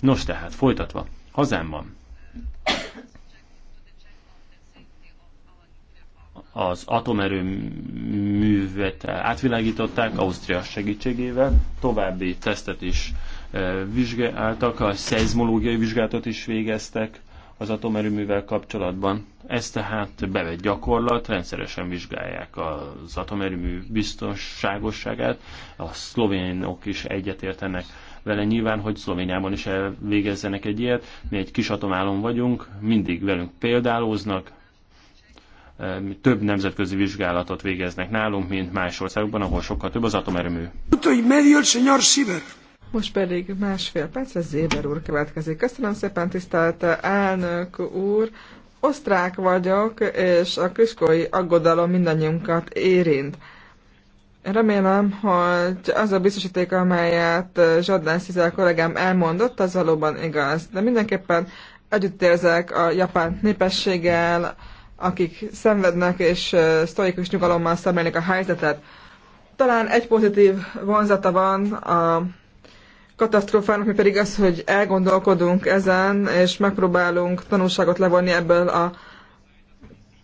Nos tehát, folytatva. Hazámban az atomerőművet átvilágították Ausztria segítségével, további tesztet is e, vizsgáltak, a szeizmológiai vizsgálatot is végeztek az atomerőművel kapcsolatban. Ez tehát bevett gyakorlat, rendszeresen vizsgálják az atomerőmű biztonságosságát. A szlovénok is egyetértenek vele nyilván, hogy Szlovéniában is elvégezzenek egy ilyet. Mi egy kis atomállom vagyunk, mindig velünk példálóznak, több nemzetközi vizsgálatot végeznek nálunk, mint más országokban, ahol sokkal több az atomerőmű. Most pedig másfél perc, ez Zéber úr következik. Köszönöm szépen, tisztelt elnök úr! Osztrák vagyok, és a kiskói aggodalom mindannyiunkat érint. Remélem, hogy az a biztosíték, amelyet Zsadlán Szizel kollégám elmondott, az valóban igaz. De mindenképpen együtt érzek a japán népességgel, akik szenvednek és sztoikus nyugalommal szemlélik a helyzetet. Talán egy pozitív vonzata van a katasztrófának, mi pedig az, hogy elgondolkodunk ezen, és megpróbálunk tanulságot levonni ebből a,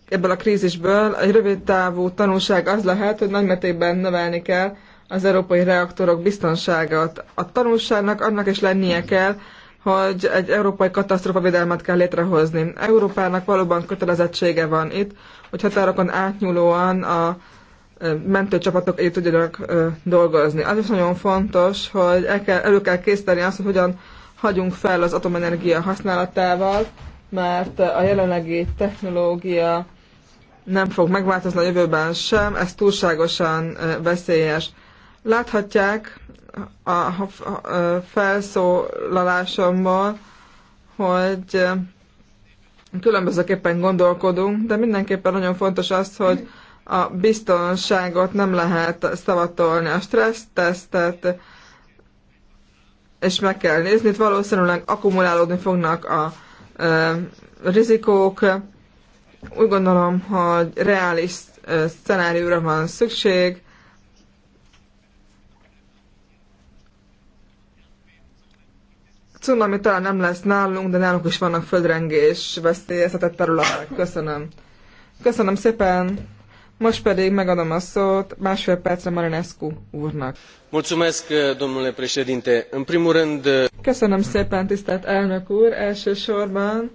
ebből a krízisből. Egy rövid távú tanulság az lehet, hogy nagymetékben növelni kell az európai reaktorok biztonságát. A tanulságnak annak is lennie kell, hogy egy európai katasztrófavédelmet kell létrehozni. Európának valóban kötelezettsége van itt, hogy határokon átnyúlóan a mentőcsapatok együtt tudjanak dolgozni. Az is nagyon fontos, hogy el kell, elő kell készíteni azt, hogy hogyan hagyunk fel az atomenergia használatával, mert a jelenlegi technológia nem fog megváltozni a jövőben sem, ez túlságosan veszélyes. Láthatják, a felszólalásommal, hogy különbözőképpen gondolkodunk, de mindenképpen nagyon fontos az, hogy a biztonságot nem lehet szavatolni. A stressztesztet és meg kell nézni, itt valószínűleg akkumulálódni fognak a ö, rizikók. Úgy gondolom, hogy reális ö, szenárióra van szükség, Cunami talán nem lesz nálunk, de nálunk is vannak földrengés veszélyeztetett területek. Köszönöm. Köszönöm szépen. Most pedig megadom a szót másfél percre Marinescu úrnak. Mulțumesc, domnule președinte. În primul rând... Köszönöm szépen, tisztelt elnök úr. Elsősorban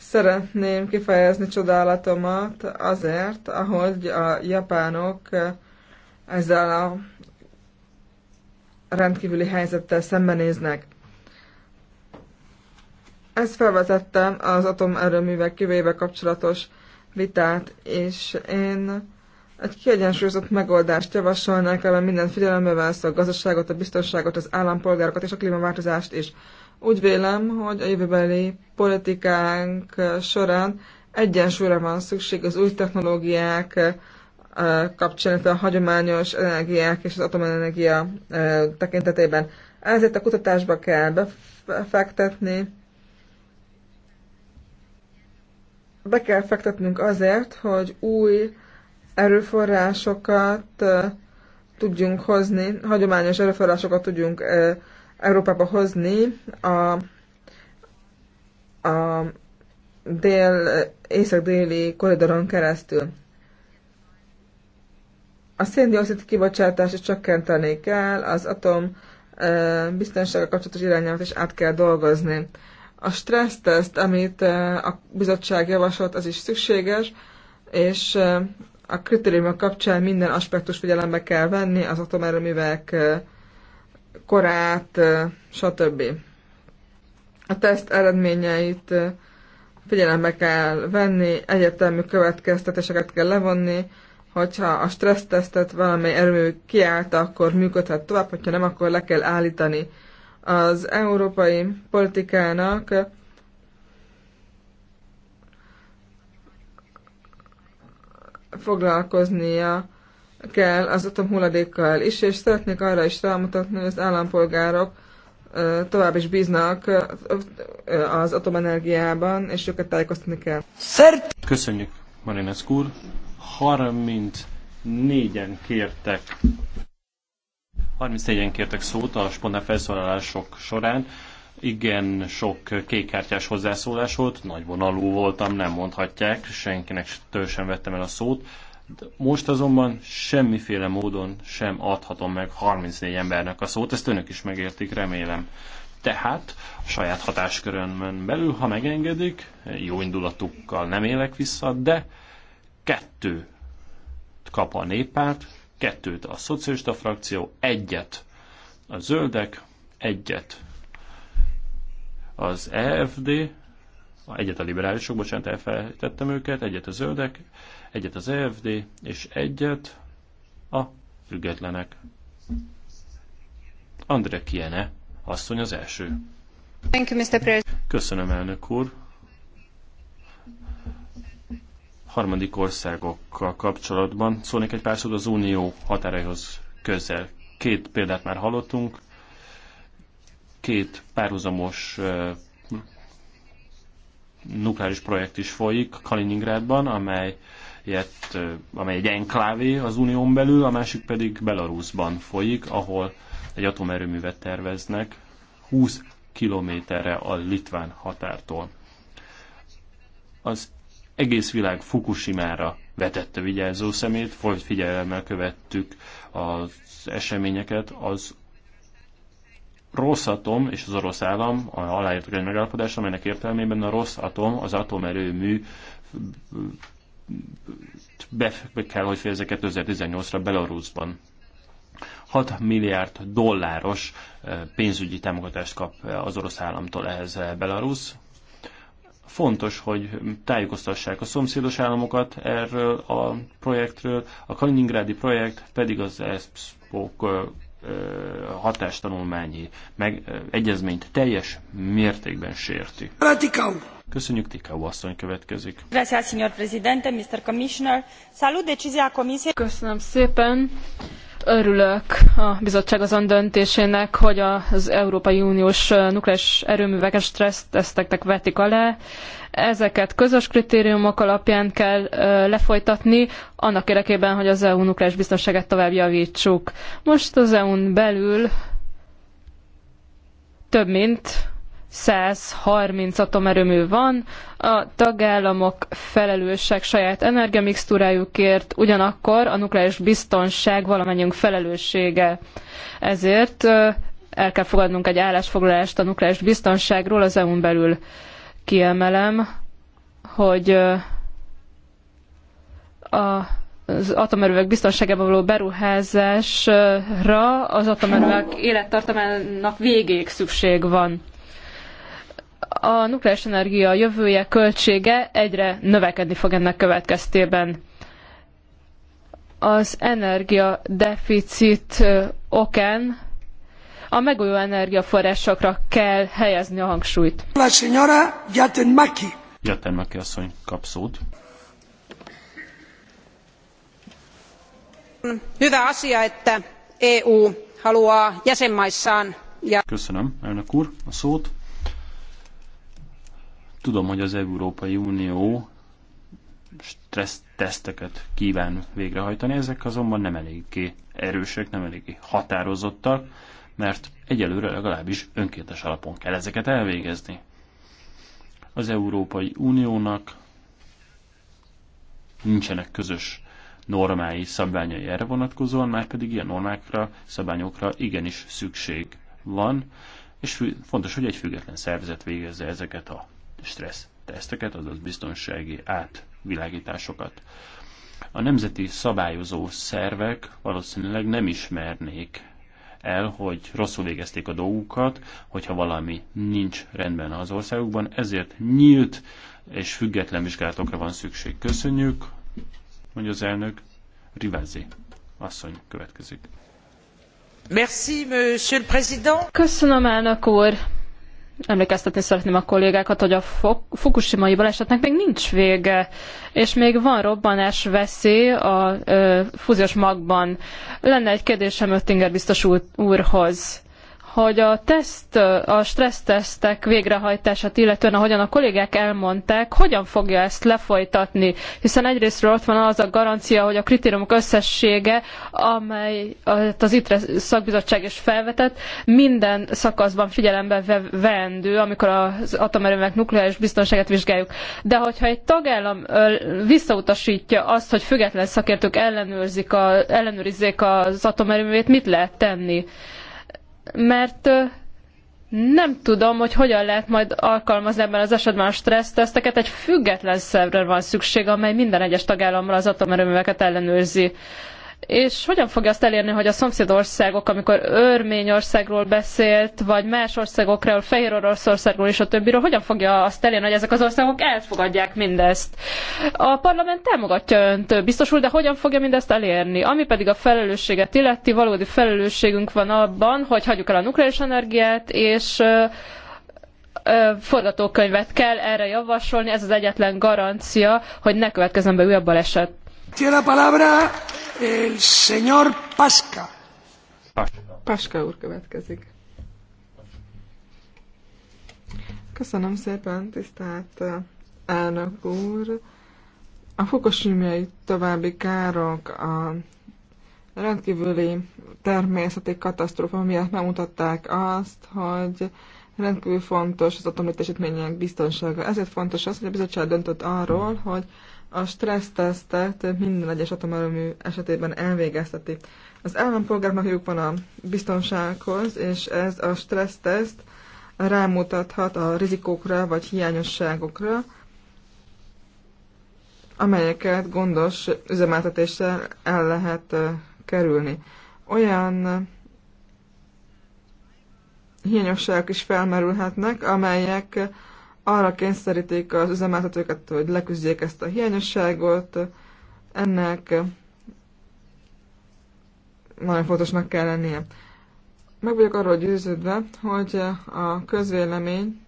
szeretném kifejezni csodálatomat azért, ahogy a japánok ezzel a rendkívüli helyzettel szembenéznek. Ez felvezette az atomerőművek kivéve kapcsolatos vitát, és én egy kiegyensúlyozott megoldást javasolnák, amely minden figyelembe vesz a gazdaságot, a biztonságot, az állampolgárokat és a klímaváltozást is. Úgy vélem, hogy a jövőbeli politikánk során egyensúlyra van szükség az új technológiák eh, kapcsán, a hagyományos energiák és az atomenergia eh, tekintetében. Ezért a kutatásba kell befektetni, be kell fektetnünk azért, hogy új erőforrásokat tudjunk hozni, hagyományos erőforrásokat tudjunk Európába hozni a, a dél, észak-déli koridoron keresztül. A széndiokszid kibocsátást csökkenteni kell, az atom biztonsága kapcsolatos irányát is át kell dolgozni. A stresszteszt, amit eh, a bizottság javasolt, az is szükséges, és eh, a kritériumok kapcsán minden aspektus figyelembe kell venni, az atomerőművek eh, korát, stb. A teszt eredményeit figyelembe kell venni, egyetemű következtetéseket kell levonni, hogyha a stressztesztet valamely erőmű kiállta, akkor működhet tovább, hogyha nem, akkor le kell állítani az európai politikának foglalkoznia kell az atomhulladékkal is, és szeretnék arra is rámutatni, hogy az állampolgárok tovább is bíznak az atomenergiában, és őket tájékoztatni kell. Szert! Köszönjük, Marinesz úr. 34-en kértek 34-en kértek szót a spontán felszólalások során. Igen, sok kékkártyás hozzászólás volt, nagy vonalú voltam, nem mondhatják, senkinek től sem vettem el a szót. De most azonban semmiféle módon sem adhatom meg 34 embernek a szót, ezt önök is megértik, remélem. Tehát a saját hatáskörömön belül, ha megengedik, jó indulatukkal nem élek vissza, de kettő kap a néppárt, kettőt a szocialista frakció, egyet a zöldek, egyet az EFD, egyet a liberálisok, bocsánat, elfelejtettem őket, egyet a zöldek, egyet az EFD, és egyet a függetlenek. André Kiene, asszony az első. Köszönöm, elnök úr. harmadik országokkal kapcsolatban. Szólnék egy pár szót az Unió határaihoz közel. Két példát már hallottunk, két párhuzamos nukleáris projekt is folyik Kaliningrádban, amely ilyet, amely egy enklávé az unión belül, a másik pedig Belarusban folyik, ahol egy atomerőművet terveznek 20 kilométerre a litván határtól. Az egész világ Fukushima-ra vetette vigyázó szemét, volt figyelemmel követtük az eseményeket, az rossz atom és az orosz állam aláírtak egy megállapodást, amelynek értelmében a rossz atom az atomerőmű be kell, hogy fejezze 2018-ra Belarusban. 6 milliárd dolláros eh, pénzügyi támogatást kap eh, az orosz államtól ehhez eh, Belarus. Fontos, hogy tájékoztassák a szomszédos államokat erről a projektről, a Kaliningrádi projekt pedig az ESPOK hatástanulmányi meg, egyezményt teljes mértékben sérti. Köszönjük, Tikau asszony következik. Köszönöm szépen örülök a bizottság azon döntésének, hogy az Európai Uniós nukleáris erőműveket stresszteszteknek vetik alá. Ezeket közös kritériumok alapján kell lefolytatni, annak érdekében, hogy az EU nukleáris biztonságát tovább javítsuk. Most az EU-n belül több mint 130 atomerőmű van, a tagállamok felelősek saját energiamixtúrájukért, ugyanakkor a nukleáris biztonság valamennyiünk felelőssége. Ezért el kell fogadnunk egy állásfoglalást a nukleáris biztonságról az EU-n belül. Kiemelem, hogy a az atomerővek biztonságába való beruházásra az atomerővek élettartamának végéig szükség van a nukleáris energia jövője, költsége egyre növekedni fog ennek következtében. Az energia deficit okán a megújuló energiaforrásokra kell helyezni a hangsúlyt. La señora Jatenmaki. Jatenmaki asszony kap szót. Hyvä asia, että EU haluaa jäsenmaissaan ja... Köszönöm, elnök úr, a szót Tudom, hogy az Európai Unió stressz teszteket kíván végrehajtani, ezek azonban nem eléggé erősek, nem eléggé határozottak, mert egyelőre legalábbis önkéntes alapon kell ezeket elvégezni. Az Európai Uniónak nincsenek közös normái, szabványai erre vonatkozóan, már pedig ilyen normákra, szabályokra igenis szükség van, és fontos, hogy egy független szervezet végezze ezeket a stressz teszteket, azaz biztonsági átvilágításokat. A nemzeti szabályozó szervek valószínűleg nem ismernék el, hogy rosszul végezték a dolgukat, hogyha valami nincs rendben az országukban, ezért nyílt és független vizsgálatokra van szükség. Köszönjük, mondja az elnök. Rivázi asszony következik. Merci, monsieur le président. Köszönöm, elnök úr emlékeztetni szeretném a kollégákat, hogy a fukushimai balesetnek még nincs vége, és még van robbanás veszély a fúziós magban. Lenne egy kérdésem Öttinger biztos úrhoz hogy a teszt, a stressztesztek végrehajtását, illetően ahogyan a kollégák elmondták, hogyan fogja ezt lefolytatni, hiszen egyrésztről ott van az a garancia, hogy a kritériumok összessége, amely az ITRE szakbizottság is felvetett, minden szakaszban figyelembe vendő, amikor az atomerőmek nukleáris biztonságát vizsgáljuk. De hogyha egy tagállam visszautasítja azt, hogy független szakértők ellenőrzik a, ellenőrizzék az atomerőművét, mit lehet tenni? mert nem tudom, hogy hogyan lehet majd alkalmazni ebben az esetben a stresszteszteket. Egy független szervre van szükség, amely minden egyes tagállamra az atomerőműveket ellenőrzi és hogyan fogja azt elérni, hogy a szomszédországok, amikor Örményországról beszélt, vagy más országokról, Fehér Oroszországról és a többiről, hogyan fogja azt elérni, hogy ezek az országok elfogadják mindezt? A parlament támogatja önt, biztos úr, de hogyan fogja mindezt elérni? Ami pedig a felelősséget illeti, valódi felelősségünk van abban, hogy hagyjuk el a nukleáris energiát, és forgatókönyvet kell erre javasolni, ez az egyetlen garancia, hogy ne következzen be újabb baleset. Tiene la palabra el señor Pasca. Pasca, úr következik. Köszönöm szépen, tisztelt eh, elnök úr. A fukushimai további károk a rendkívüli természeti katasztrófa miatt megmutatták azt, hogy rendkívül fontos az atomlétesítmények biztonsága. Ezért fontos az, hogy a bizottság döntött arról, hogy a stressztesztet minden egyes atomerőmű esetében elvégezteti. Az állampolgárnak jók van a biztonsághoz, és ez a stresszteszt rámutathat a rizikókra vagy hiányosságokra, amelyeket gondos üzemeltetéssel el lehet kerülni. Olyan hiányosságok is felmerülhetnek, amelyek arra kényszerítik az üzemeltetőket, hogy leküzdjék ezt a hiányosságot. Ennek nagyon fontosnak kell lennie. Meg vagyok arról győződve, hogy a közvélemény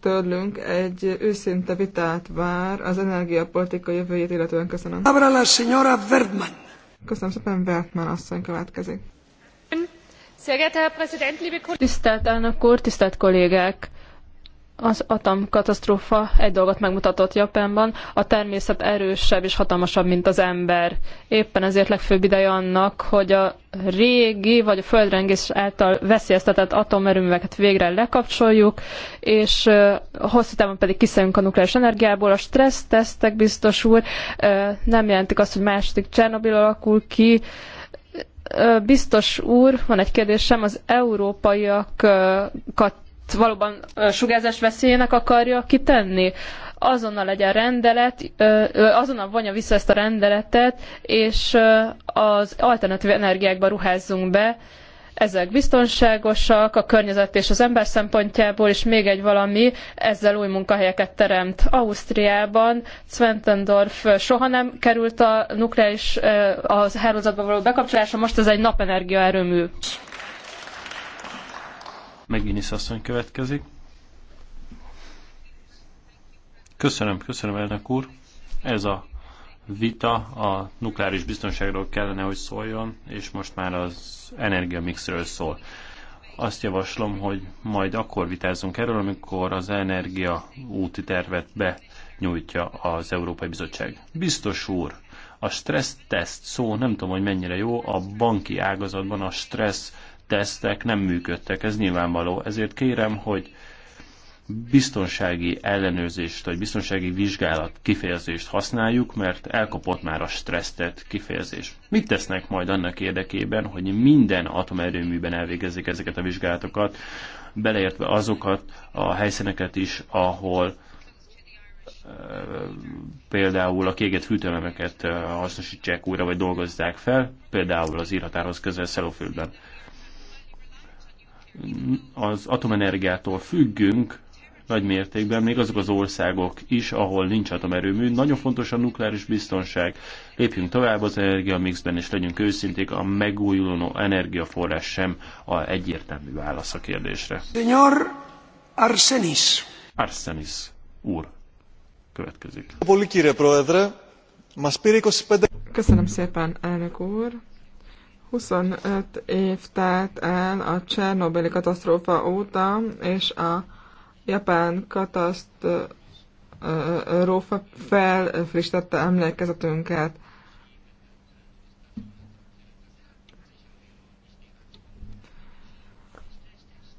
tőlünk egy őszinte vitát vár az energiapolitika jövőjét, illetően köszönöm. Köszönöm szépen, Verdman asszony következik. Tisztelt elnök úr, tisztelt kollégák! Az atomkatasztrófa egy dolgot megmutatott Japánban, a természet erősebb és hatalmasabb, mint az ember. Éppen ezért legfőbb ideje annak, hogy a régi vagy a földrengés által veszélyeztetett atomerőműveket végre lekapcsoljuk, és hosszú távon pedig kiszálljunk a nukleáris energiából. A stressztesztek biztos úr nem jelentik azt, hogy második Csernobil alakul ki, Biztos úr, van egy kérdésem, az európaiakat valóban sugárzás veszélyének akarja kitenni. Azonnal legyen rendelet, azonnal vonja vissza ezt a rendeletet, és az alternatív energiákba ruházzunk be. Ezek biztonságosak a környezet és az ember szempontjából, és még egy valami, ezzel új munkahelyeket teremt. Ausztriában Zwentendorf soha nem került a nukleáris, az hálózatba való bekapcsolásra, most ez egy napenergia erőmű. Megint asszony következik. Köszönöm, köszönöm elnök úr. Ez a vita a nukleáris biztonságról kellene, hogy szóljon, és most már az energiamixről szól. Azt javaslom, hogy majd akkor vitázzunk erről, amikor az energia úti tervet benyújtja az Európai Bizottság. Biztos úr, a stressz teszt szó nem tudom, hogy mennyire jó, a banki ágazatban a stressz tesztek nem működtek, ez nyilvánvaló. Ezért kérem, hogy biztonsági ellenőrzést, vagy biztonsági vizsgálat kifejezést használjuk, mert elkapott már a stressztett kifejezés. Mit tesznek majd annak érdekében, hogy minden atomerőműben elvégezzék ezeket a vizsgálatokat, beleértve azokat a helyszíneket is, ahol például a kiégett fűtőelemeket hasznosítsák újra, vagy dolgozzák fel, például az írhatárhoz közel Szelóföldben az atomenergiától függünk, nagy mértékben, még azok az országok is, ahol nincs atomerőmű. Nagyon fontos a nukleáris biztonság. Lépjünk tovább az energiamixben, és legyünk őszinték, a megújuló energiaforrás sem a egyértelmű válasz a kérdésre. Señor Arsenis. Arsenis úr következik. Köszönöm szépen, elnök úr. 25 év telt el a Csernobili katasztrófa óta, és a japán katasztrófa felfrissítette emlékezetünket.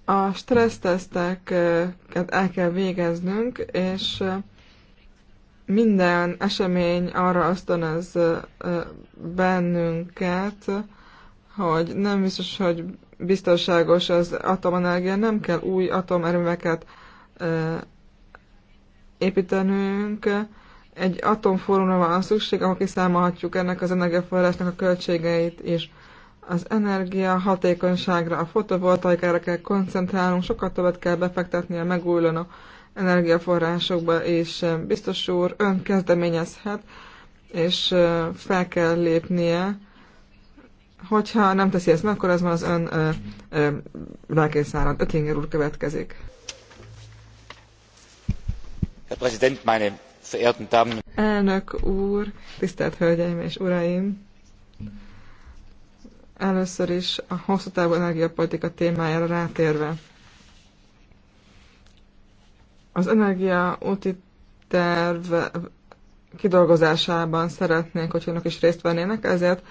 A stresszteszteket el kell végeznünk, és minden esemény arra ösztönöz bennünket, hogy nem biztos, hogy biztonságos az atomenergia, nem kell új atomerőmeket építenünk. Egy atomforumra van szükség, ahol kiszámolhatjuk ennek az energiaforrásnak a költségeit is. Az energia hatékonyságra, a fotovoltaikára kell koncentrálnunk, sokkal többet kell befektetni a megújuló energiaforrásokba, és biztos úr ön kezdeményezhet, és fel kell lépnie Hogyha nem teszi ezt meg, akkor ez már az ön ö, ö, rákényszáron. Öttinger úr következik. Herr Präsident, meine verehrten Damen Elnök úr, tisztelt Hölgyeim és Uraim! Először is a hosszú távú energiapolitika témájára rátérve. Az energia úti terv kidolgozásában szeretnénk, hogy önök is részt vennének, ezért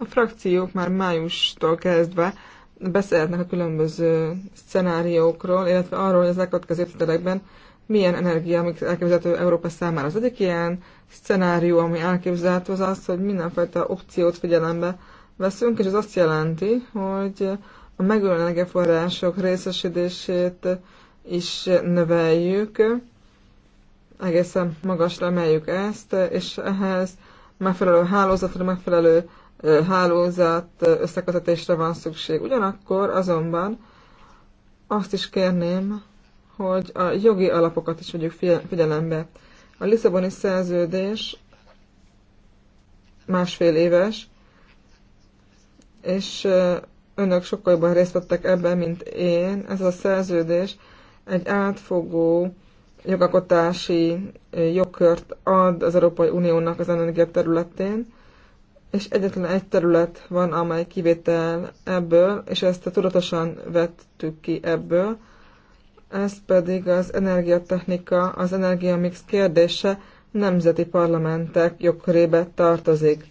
a frakciók már májustól kezdve beszélhetnek a különböző szenáriókról, illetve arról, hogy az elkövetkező évtizedekben milyen energia, amik elképzelhető Európa számára. Az egyik ilyen szenárió, ami elképzelhető, az az, hogy mindenfajta opciót figyelembe veszünk, és ez azt jelenti, hogy a megújuló energiaforrások részesedését is növeljük, egészen magasra emeljük ezt, és ehhez megfelelő hálózatra, megfelelő hálózat összekötetésre van szükség. Ugyanakkor azonban azt is kérném, hogy a jogi alapokat is vegyük figyelembe. A Lisszaboni szerződés másfél éves, és önök sokkal jobban részt vettek ebben, mint én. Ez a szerződés egy átfogó jogakotási jogkört ad az Európai Uniónak az energia területén, és egyetlen egy terület van, amely kivétel ebből, és ezt tudatosan vettük ki ebből, ez pedig az energiatechnika, az energiamix kérdése nemzeti parlamentek jogkörébe tartozik.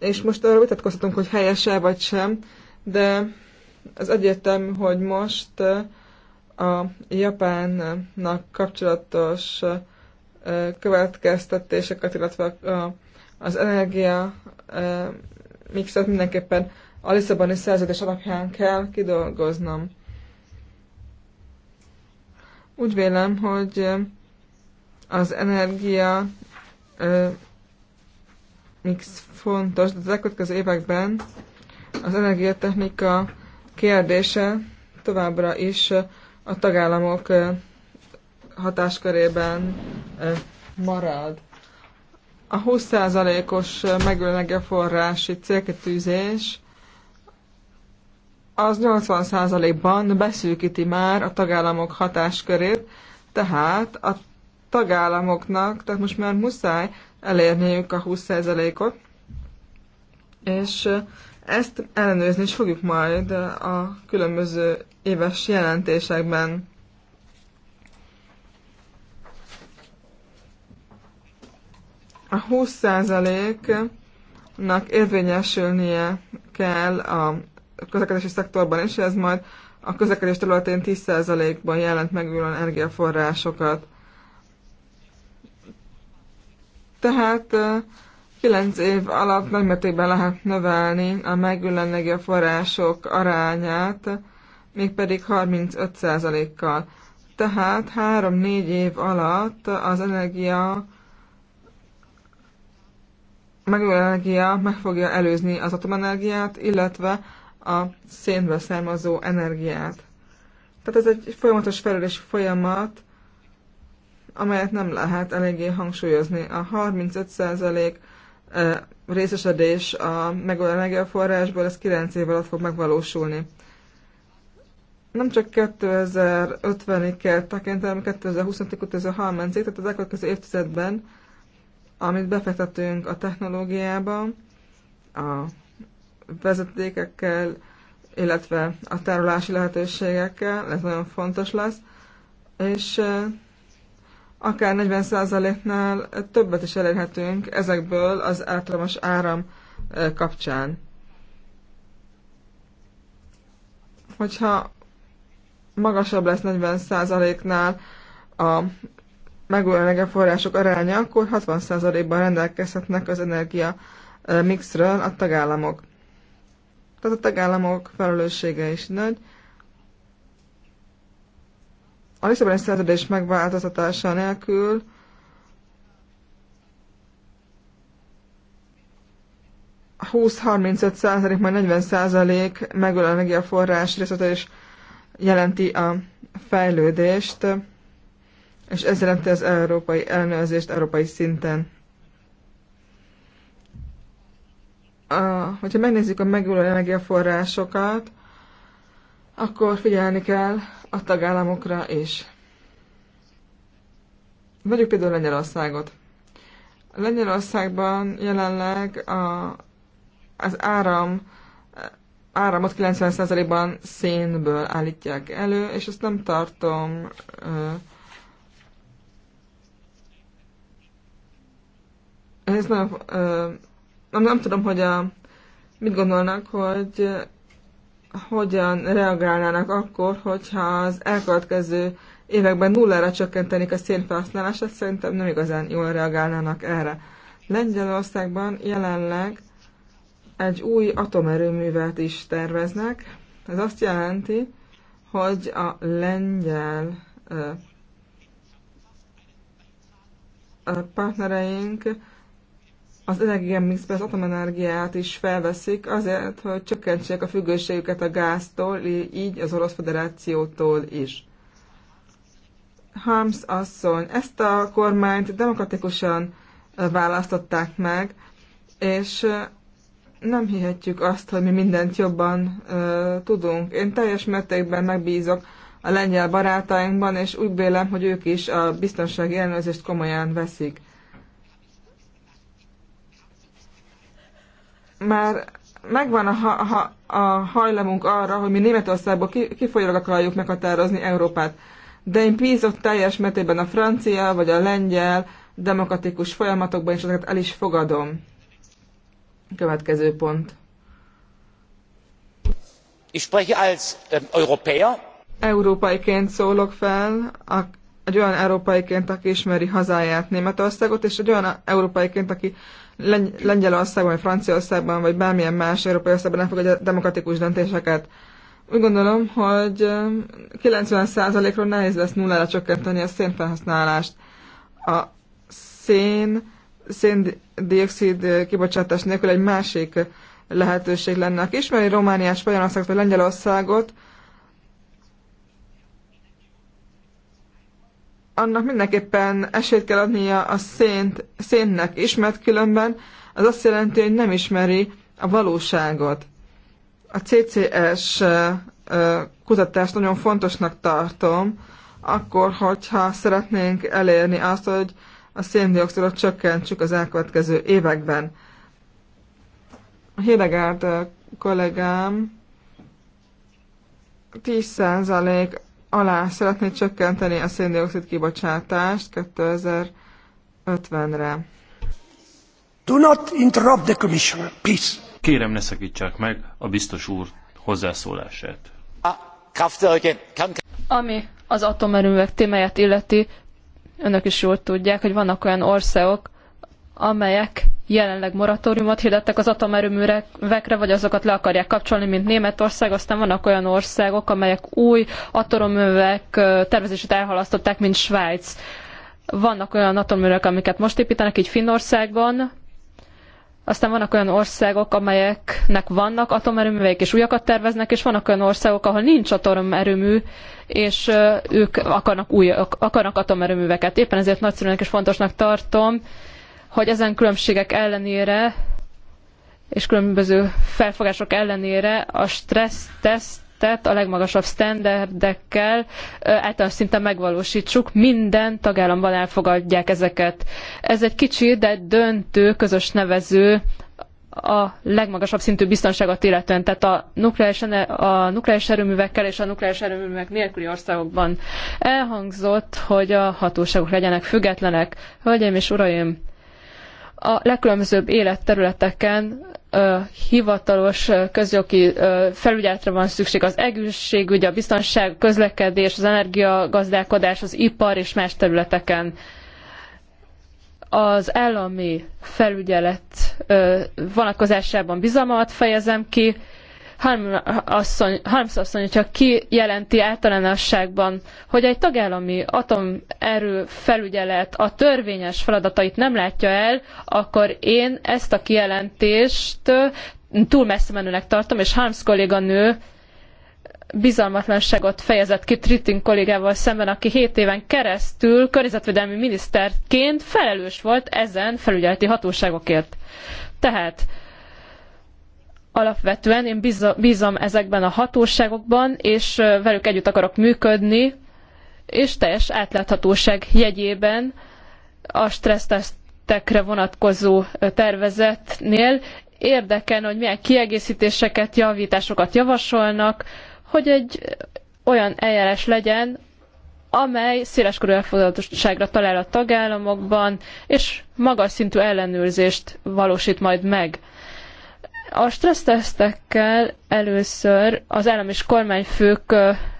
És most arra vitatkozhatunk, hogy helyese vagy sem, de az egyértelmű, hogy most eh, a Japánnak kapcsolatos eh, következtetéseket, illetve eh, az energia mixet szóval mindenképpen a Lisszaboni szerződés alapján kell kidolgoznom. Úgy vélem, hogy az energia mix fontos, de az elkövetkező években az energiatechnika kérdése továbbra is a tagállamok hatáskörében marad. A 20%-os megőlenege forrási célkitűzés az 80%-ban beszűkíti már a tagállamok hatáskörét, tehát a tagállamoknak, tehát most már muszáj elérniük a 20%-ot, és ezt ellenőrizni is fogjuk majd a különböző éves jelentésekben. a 20%-nak érvényesülnie kell a közlekedési szektorban is, ez majd a közlekedés területén 10%-ban jelent olyan energiaforrásokat. Tehát 9 év alatt nagymértékben lehet növelni a megülő energiaforrások arányát, mégpedig 35%-kal. Tehát 3-4 év alatt az energia megújuló energia meg fogja előzni az atomenergiát, illetve a szénből származó energiát. Tehát ez egy folyamatos felelős folyamat, amelyet nem lehet eléggé hangsúlyozni. A 35% részesedés a megújuló energiaforrásból, ez 9 év alatt fog megvalósulni. Nem csak 2050-ig kell tekinteni, 2020-ig, 2030-ig, tehát az elkövetkező évtizedben amit befektetünk a technológiába, a vezetékekkel, illetve a tárolási lehetőségekkel, ez nagyon fontos lesz, és akár 40%-nál többet is elérhetünk ezekből az általános áram kapcsán. Hogyha magasabb lesz 40%-nál a megújuló források aránya, akkor 60%-ban rendelkezhetnek az energia mixről a tagállamok. Tehát a tagállamok felelőssége is nagy. A Lisszaboni szerződés megváltoztatása nélkül a 20-35 százalék, majd 40 százalék a energiaforrás részlete is jelenti a fejlődést és ez jelenti az európai ellenőrzést európai szinten. A, hogyha megnézzük a megújuló energiaforrásokat, akkor figyelni kell a tagállamokra is. Vegyük például Lengyelországot. Lengyelországban jelenleg a, az áram áramot 90%-ban szénből állítják elő, és ezt nem tartom ö, ez nagyon, nem, nem tudom, hogy a, mit gondolnak, hogy eh, hogyan reagálnának akkor, hogyha az elkövetkező években nullára csökkentenik a szénfelhasználását, szerintem nem igazán jól reagálnának erre. Lengyelországban jelenleg egy új atomerőművet is terveznek. Ez azt jelenti, hogy a lengyel a eh, eh, partnereink az energiamixbe az atomenergiát is felveszik azért, hogy csökkentsék a függőségüket a gáztól, így az Orosz Federációtól is. Harms asszony, ezt a kormányt demokratikusan választották meg, és nem hihetjük azt, hogy mi mindent jobban uh, tudunk. Én teljes mértékben megbízok a lengyel barátainkban, és úgy vélem, hogy ők is a biztonsági ellenőrzést komolyan veszik. már megvan a, ha, a hajlamunk arra, hogy mi Németországból ki, kifolyólag akarjuk meghatározni Európát. De én bízok teljes mértékben a francia vagy a lengyel demokratikus folyamatokban, és ezeket el is fogadom. Következő pont. Ich spreche als ähm, Europäer. Európaiként szólok fel, a, egy olyan európaiként, aki ismeri hazáját, Németországot, és egy olyan európaiként, aki Lengy- Lengyelországban, vagy Franciaországban, vagy bármilyen más európai országban nem fogadja demokratikus döntéseket. Úgy gondolom, hogy 90%-ról nehéz lesz nullára csökkenteni a szénfelhasználást. A szén, széndiokszid kibocsátás nélkül egy másik lehetőség lenne. Aki ismeri Romániát, Spanyolországot vagy Lengyelországot, annak mindenképpen esélyt kell adnia a szént, szénnek is, mert különben az azt jelenti, hogy nem ismeri a valóságot. A CCS kutatást nagyon fontosnak tartom, akkor, hogyha szeretnénk elérni azt, hogy a széndiokszidot csökkentsük az elkövetkező években. Hidegárd kollégám 10% alá szeretné csökkenteni a széndiokszid kibocsátást 2050-re. Do not interrupt the commissioner, please. Kérem, ne szakítsák meg a biztos úr hozzászólását. Ami az atomerőművek témáját illeti, önök is jól tudják, hogy vannak olyan országok, amelyek jelenleg moratóriumot hirdettek az atomerőművekre, vagy azokat le akarják kapcsolni, mint Németország. Aztán vannak olyan országok, amelyek új atomerőművek tervezését elhalasztották, mint Svájc. Vannak olyan atomerőművek, amiket most építenek, így Finnországban. Aztán vannak olyan országok, amelyeknek vannak atomerőművek, és újakat terveznek, és vannak olyan országok, ahol nincs atomerőmű, és ők akarnak, új, akarnak atomerőműveket. Éppen ezért nagyszerűnek és fontosnak tartom, hogy ezen különbségek ellenére és különböző felfogások ellenére a stressz tesztet a legmagasabb sztenderdekkel általános szinten megvalósítsuk. Minden tagállamban elfogadják ezeket. Ez egy kicsi, de döntő közös nevező a legmagasabb szintű biztonságot illetően, tehát a nukleáris, a nukleáris erőművekkel és a nukleáris erőművek nélküli országokban elhangzott, hogy a hatóságok legyenek függetlenek. Hölgyeim és uraim, a legkülönbözőbb életterületeken hivatalos közjogi felügyeletre van szükség. Az egészségügy, a biztonság, a közlekedés, az energiagazdálkodás, az ipar és más területeken. Az állami felügyelet vonatkozásában bizalmat fejezem ki, Harms asszony csak kijelenti általánosságban, hogy egy tagállami atomerő felügyelet a törvényes feladatait nem látja el, akkor én ezt a kijelentést túl messze menőnek tartom, és Harms kolléganő bizalmatlanságot fejezett ki Trittin kollégával szemben, aki 7 éven keresztül környezetvédelmi miniszterként felelős volt ezen felügyeleti hatóságokért. Tehát Alapvetően én bízom ezekben a hatóságokban, és velük együtt akarok működni, és teljes átláthatóság jegyében a stressztesztekre vonatkozó tervezetnél érdekelne, hogy milyen kiegészítéseket, javításokat javasolnak, hogy egy olyan eljárás legyen, amely széleskörű elfogadottságra talál a tagállamokban, és magas szintű ellenőrzést valósít majd meg. A stressztesztekkel először az állam és kormányfők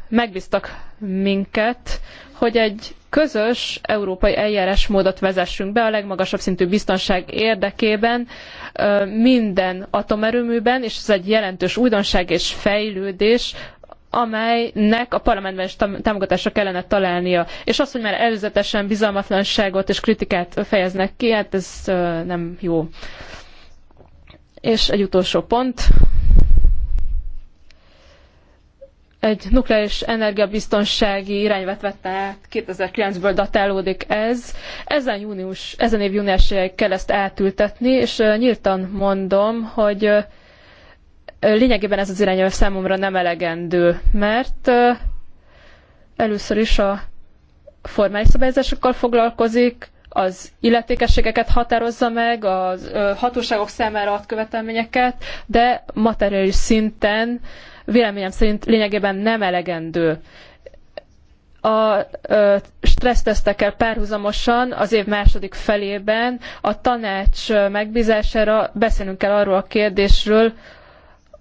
megbíztak minket, hogy egy közös európai eljárásmódot vezessünk be a legmagasabb szintű biztonság érdekében minden atomerőműben, és ez egy jelentős újdonság és fejlődés, amelynek a parlamentben is támogatásra kellene találnia. És az, hogy már előzetesen bizalmatlanságot és kritikát fejeznek ki, hát ez nem jó. És egy utolsó pont. Egy nukleáris energiabiztonsági irányvet vette át, 2009-ből datálódik ez. Ezen, június, ezen év júniusáig kell ezt átültetni, és nyíltan mondom, hogy lényegében ez az irányelv számomra nem elegendő, mert először is a formális szabályozásokkal foglalkozik, az illetékességeket határozza meg, a hatóságok számára ad követelményeket, de materiális szinten véleményem szerint lényegében nem elegendő a stressztesztekkel párhuzamosan az év második felében a tanács megbízására beszélnünk kell arról a kérdésről,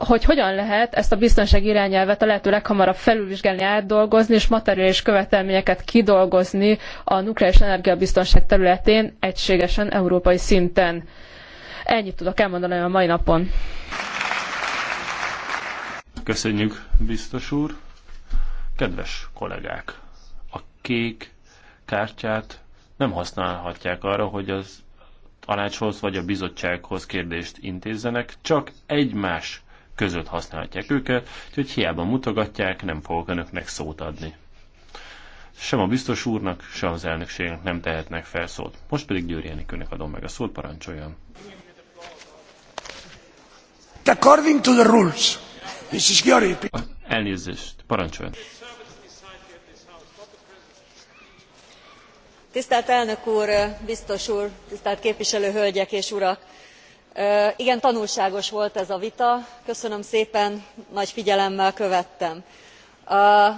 hogy hogyan lehet ezt a biztonsági irányelvet a lehető leghamarabb felülvizsgálni, átdolgozni, és materiális követelményeket kidolgozni a nukleáris energiabiztonság területén egységesen európai szinten. Ennyit tudok elmondani a mai napon. Köszönjük, biztos úr. Kedves kollégák, a kék kártyát nem használhatják arra, hogy az tanácshoz vagy a bizottsághoz kérdést intézzenek, csak egymás között használhatják őket, úgyhogy hiába mutogatják, nem fogok önöknek szót adni. Sem a biztos úrnak, sem az elnökségnek nem tehetnek fel szót. Most pedig Győri Enikőnek adom meg a szót, parancsoljon. According to the rules, is Győri. Elnézést, parancsoljon. Tisztelt elnök úr, biztos úr, tisztelt képviselő hölgyek és urak! igen tanulságos volt ez a vita köszönöm szépen nagy figyelemmel követtem.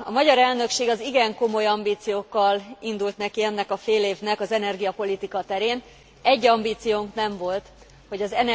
a magyar elnökség az igen komoly ambciókkal indult neki ennek a félévnek az energiapolitika terén. egy ambciónk nem volt hogy az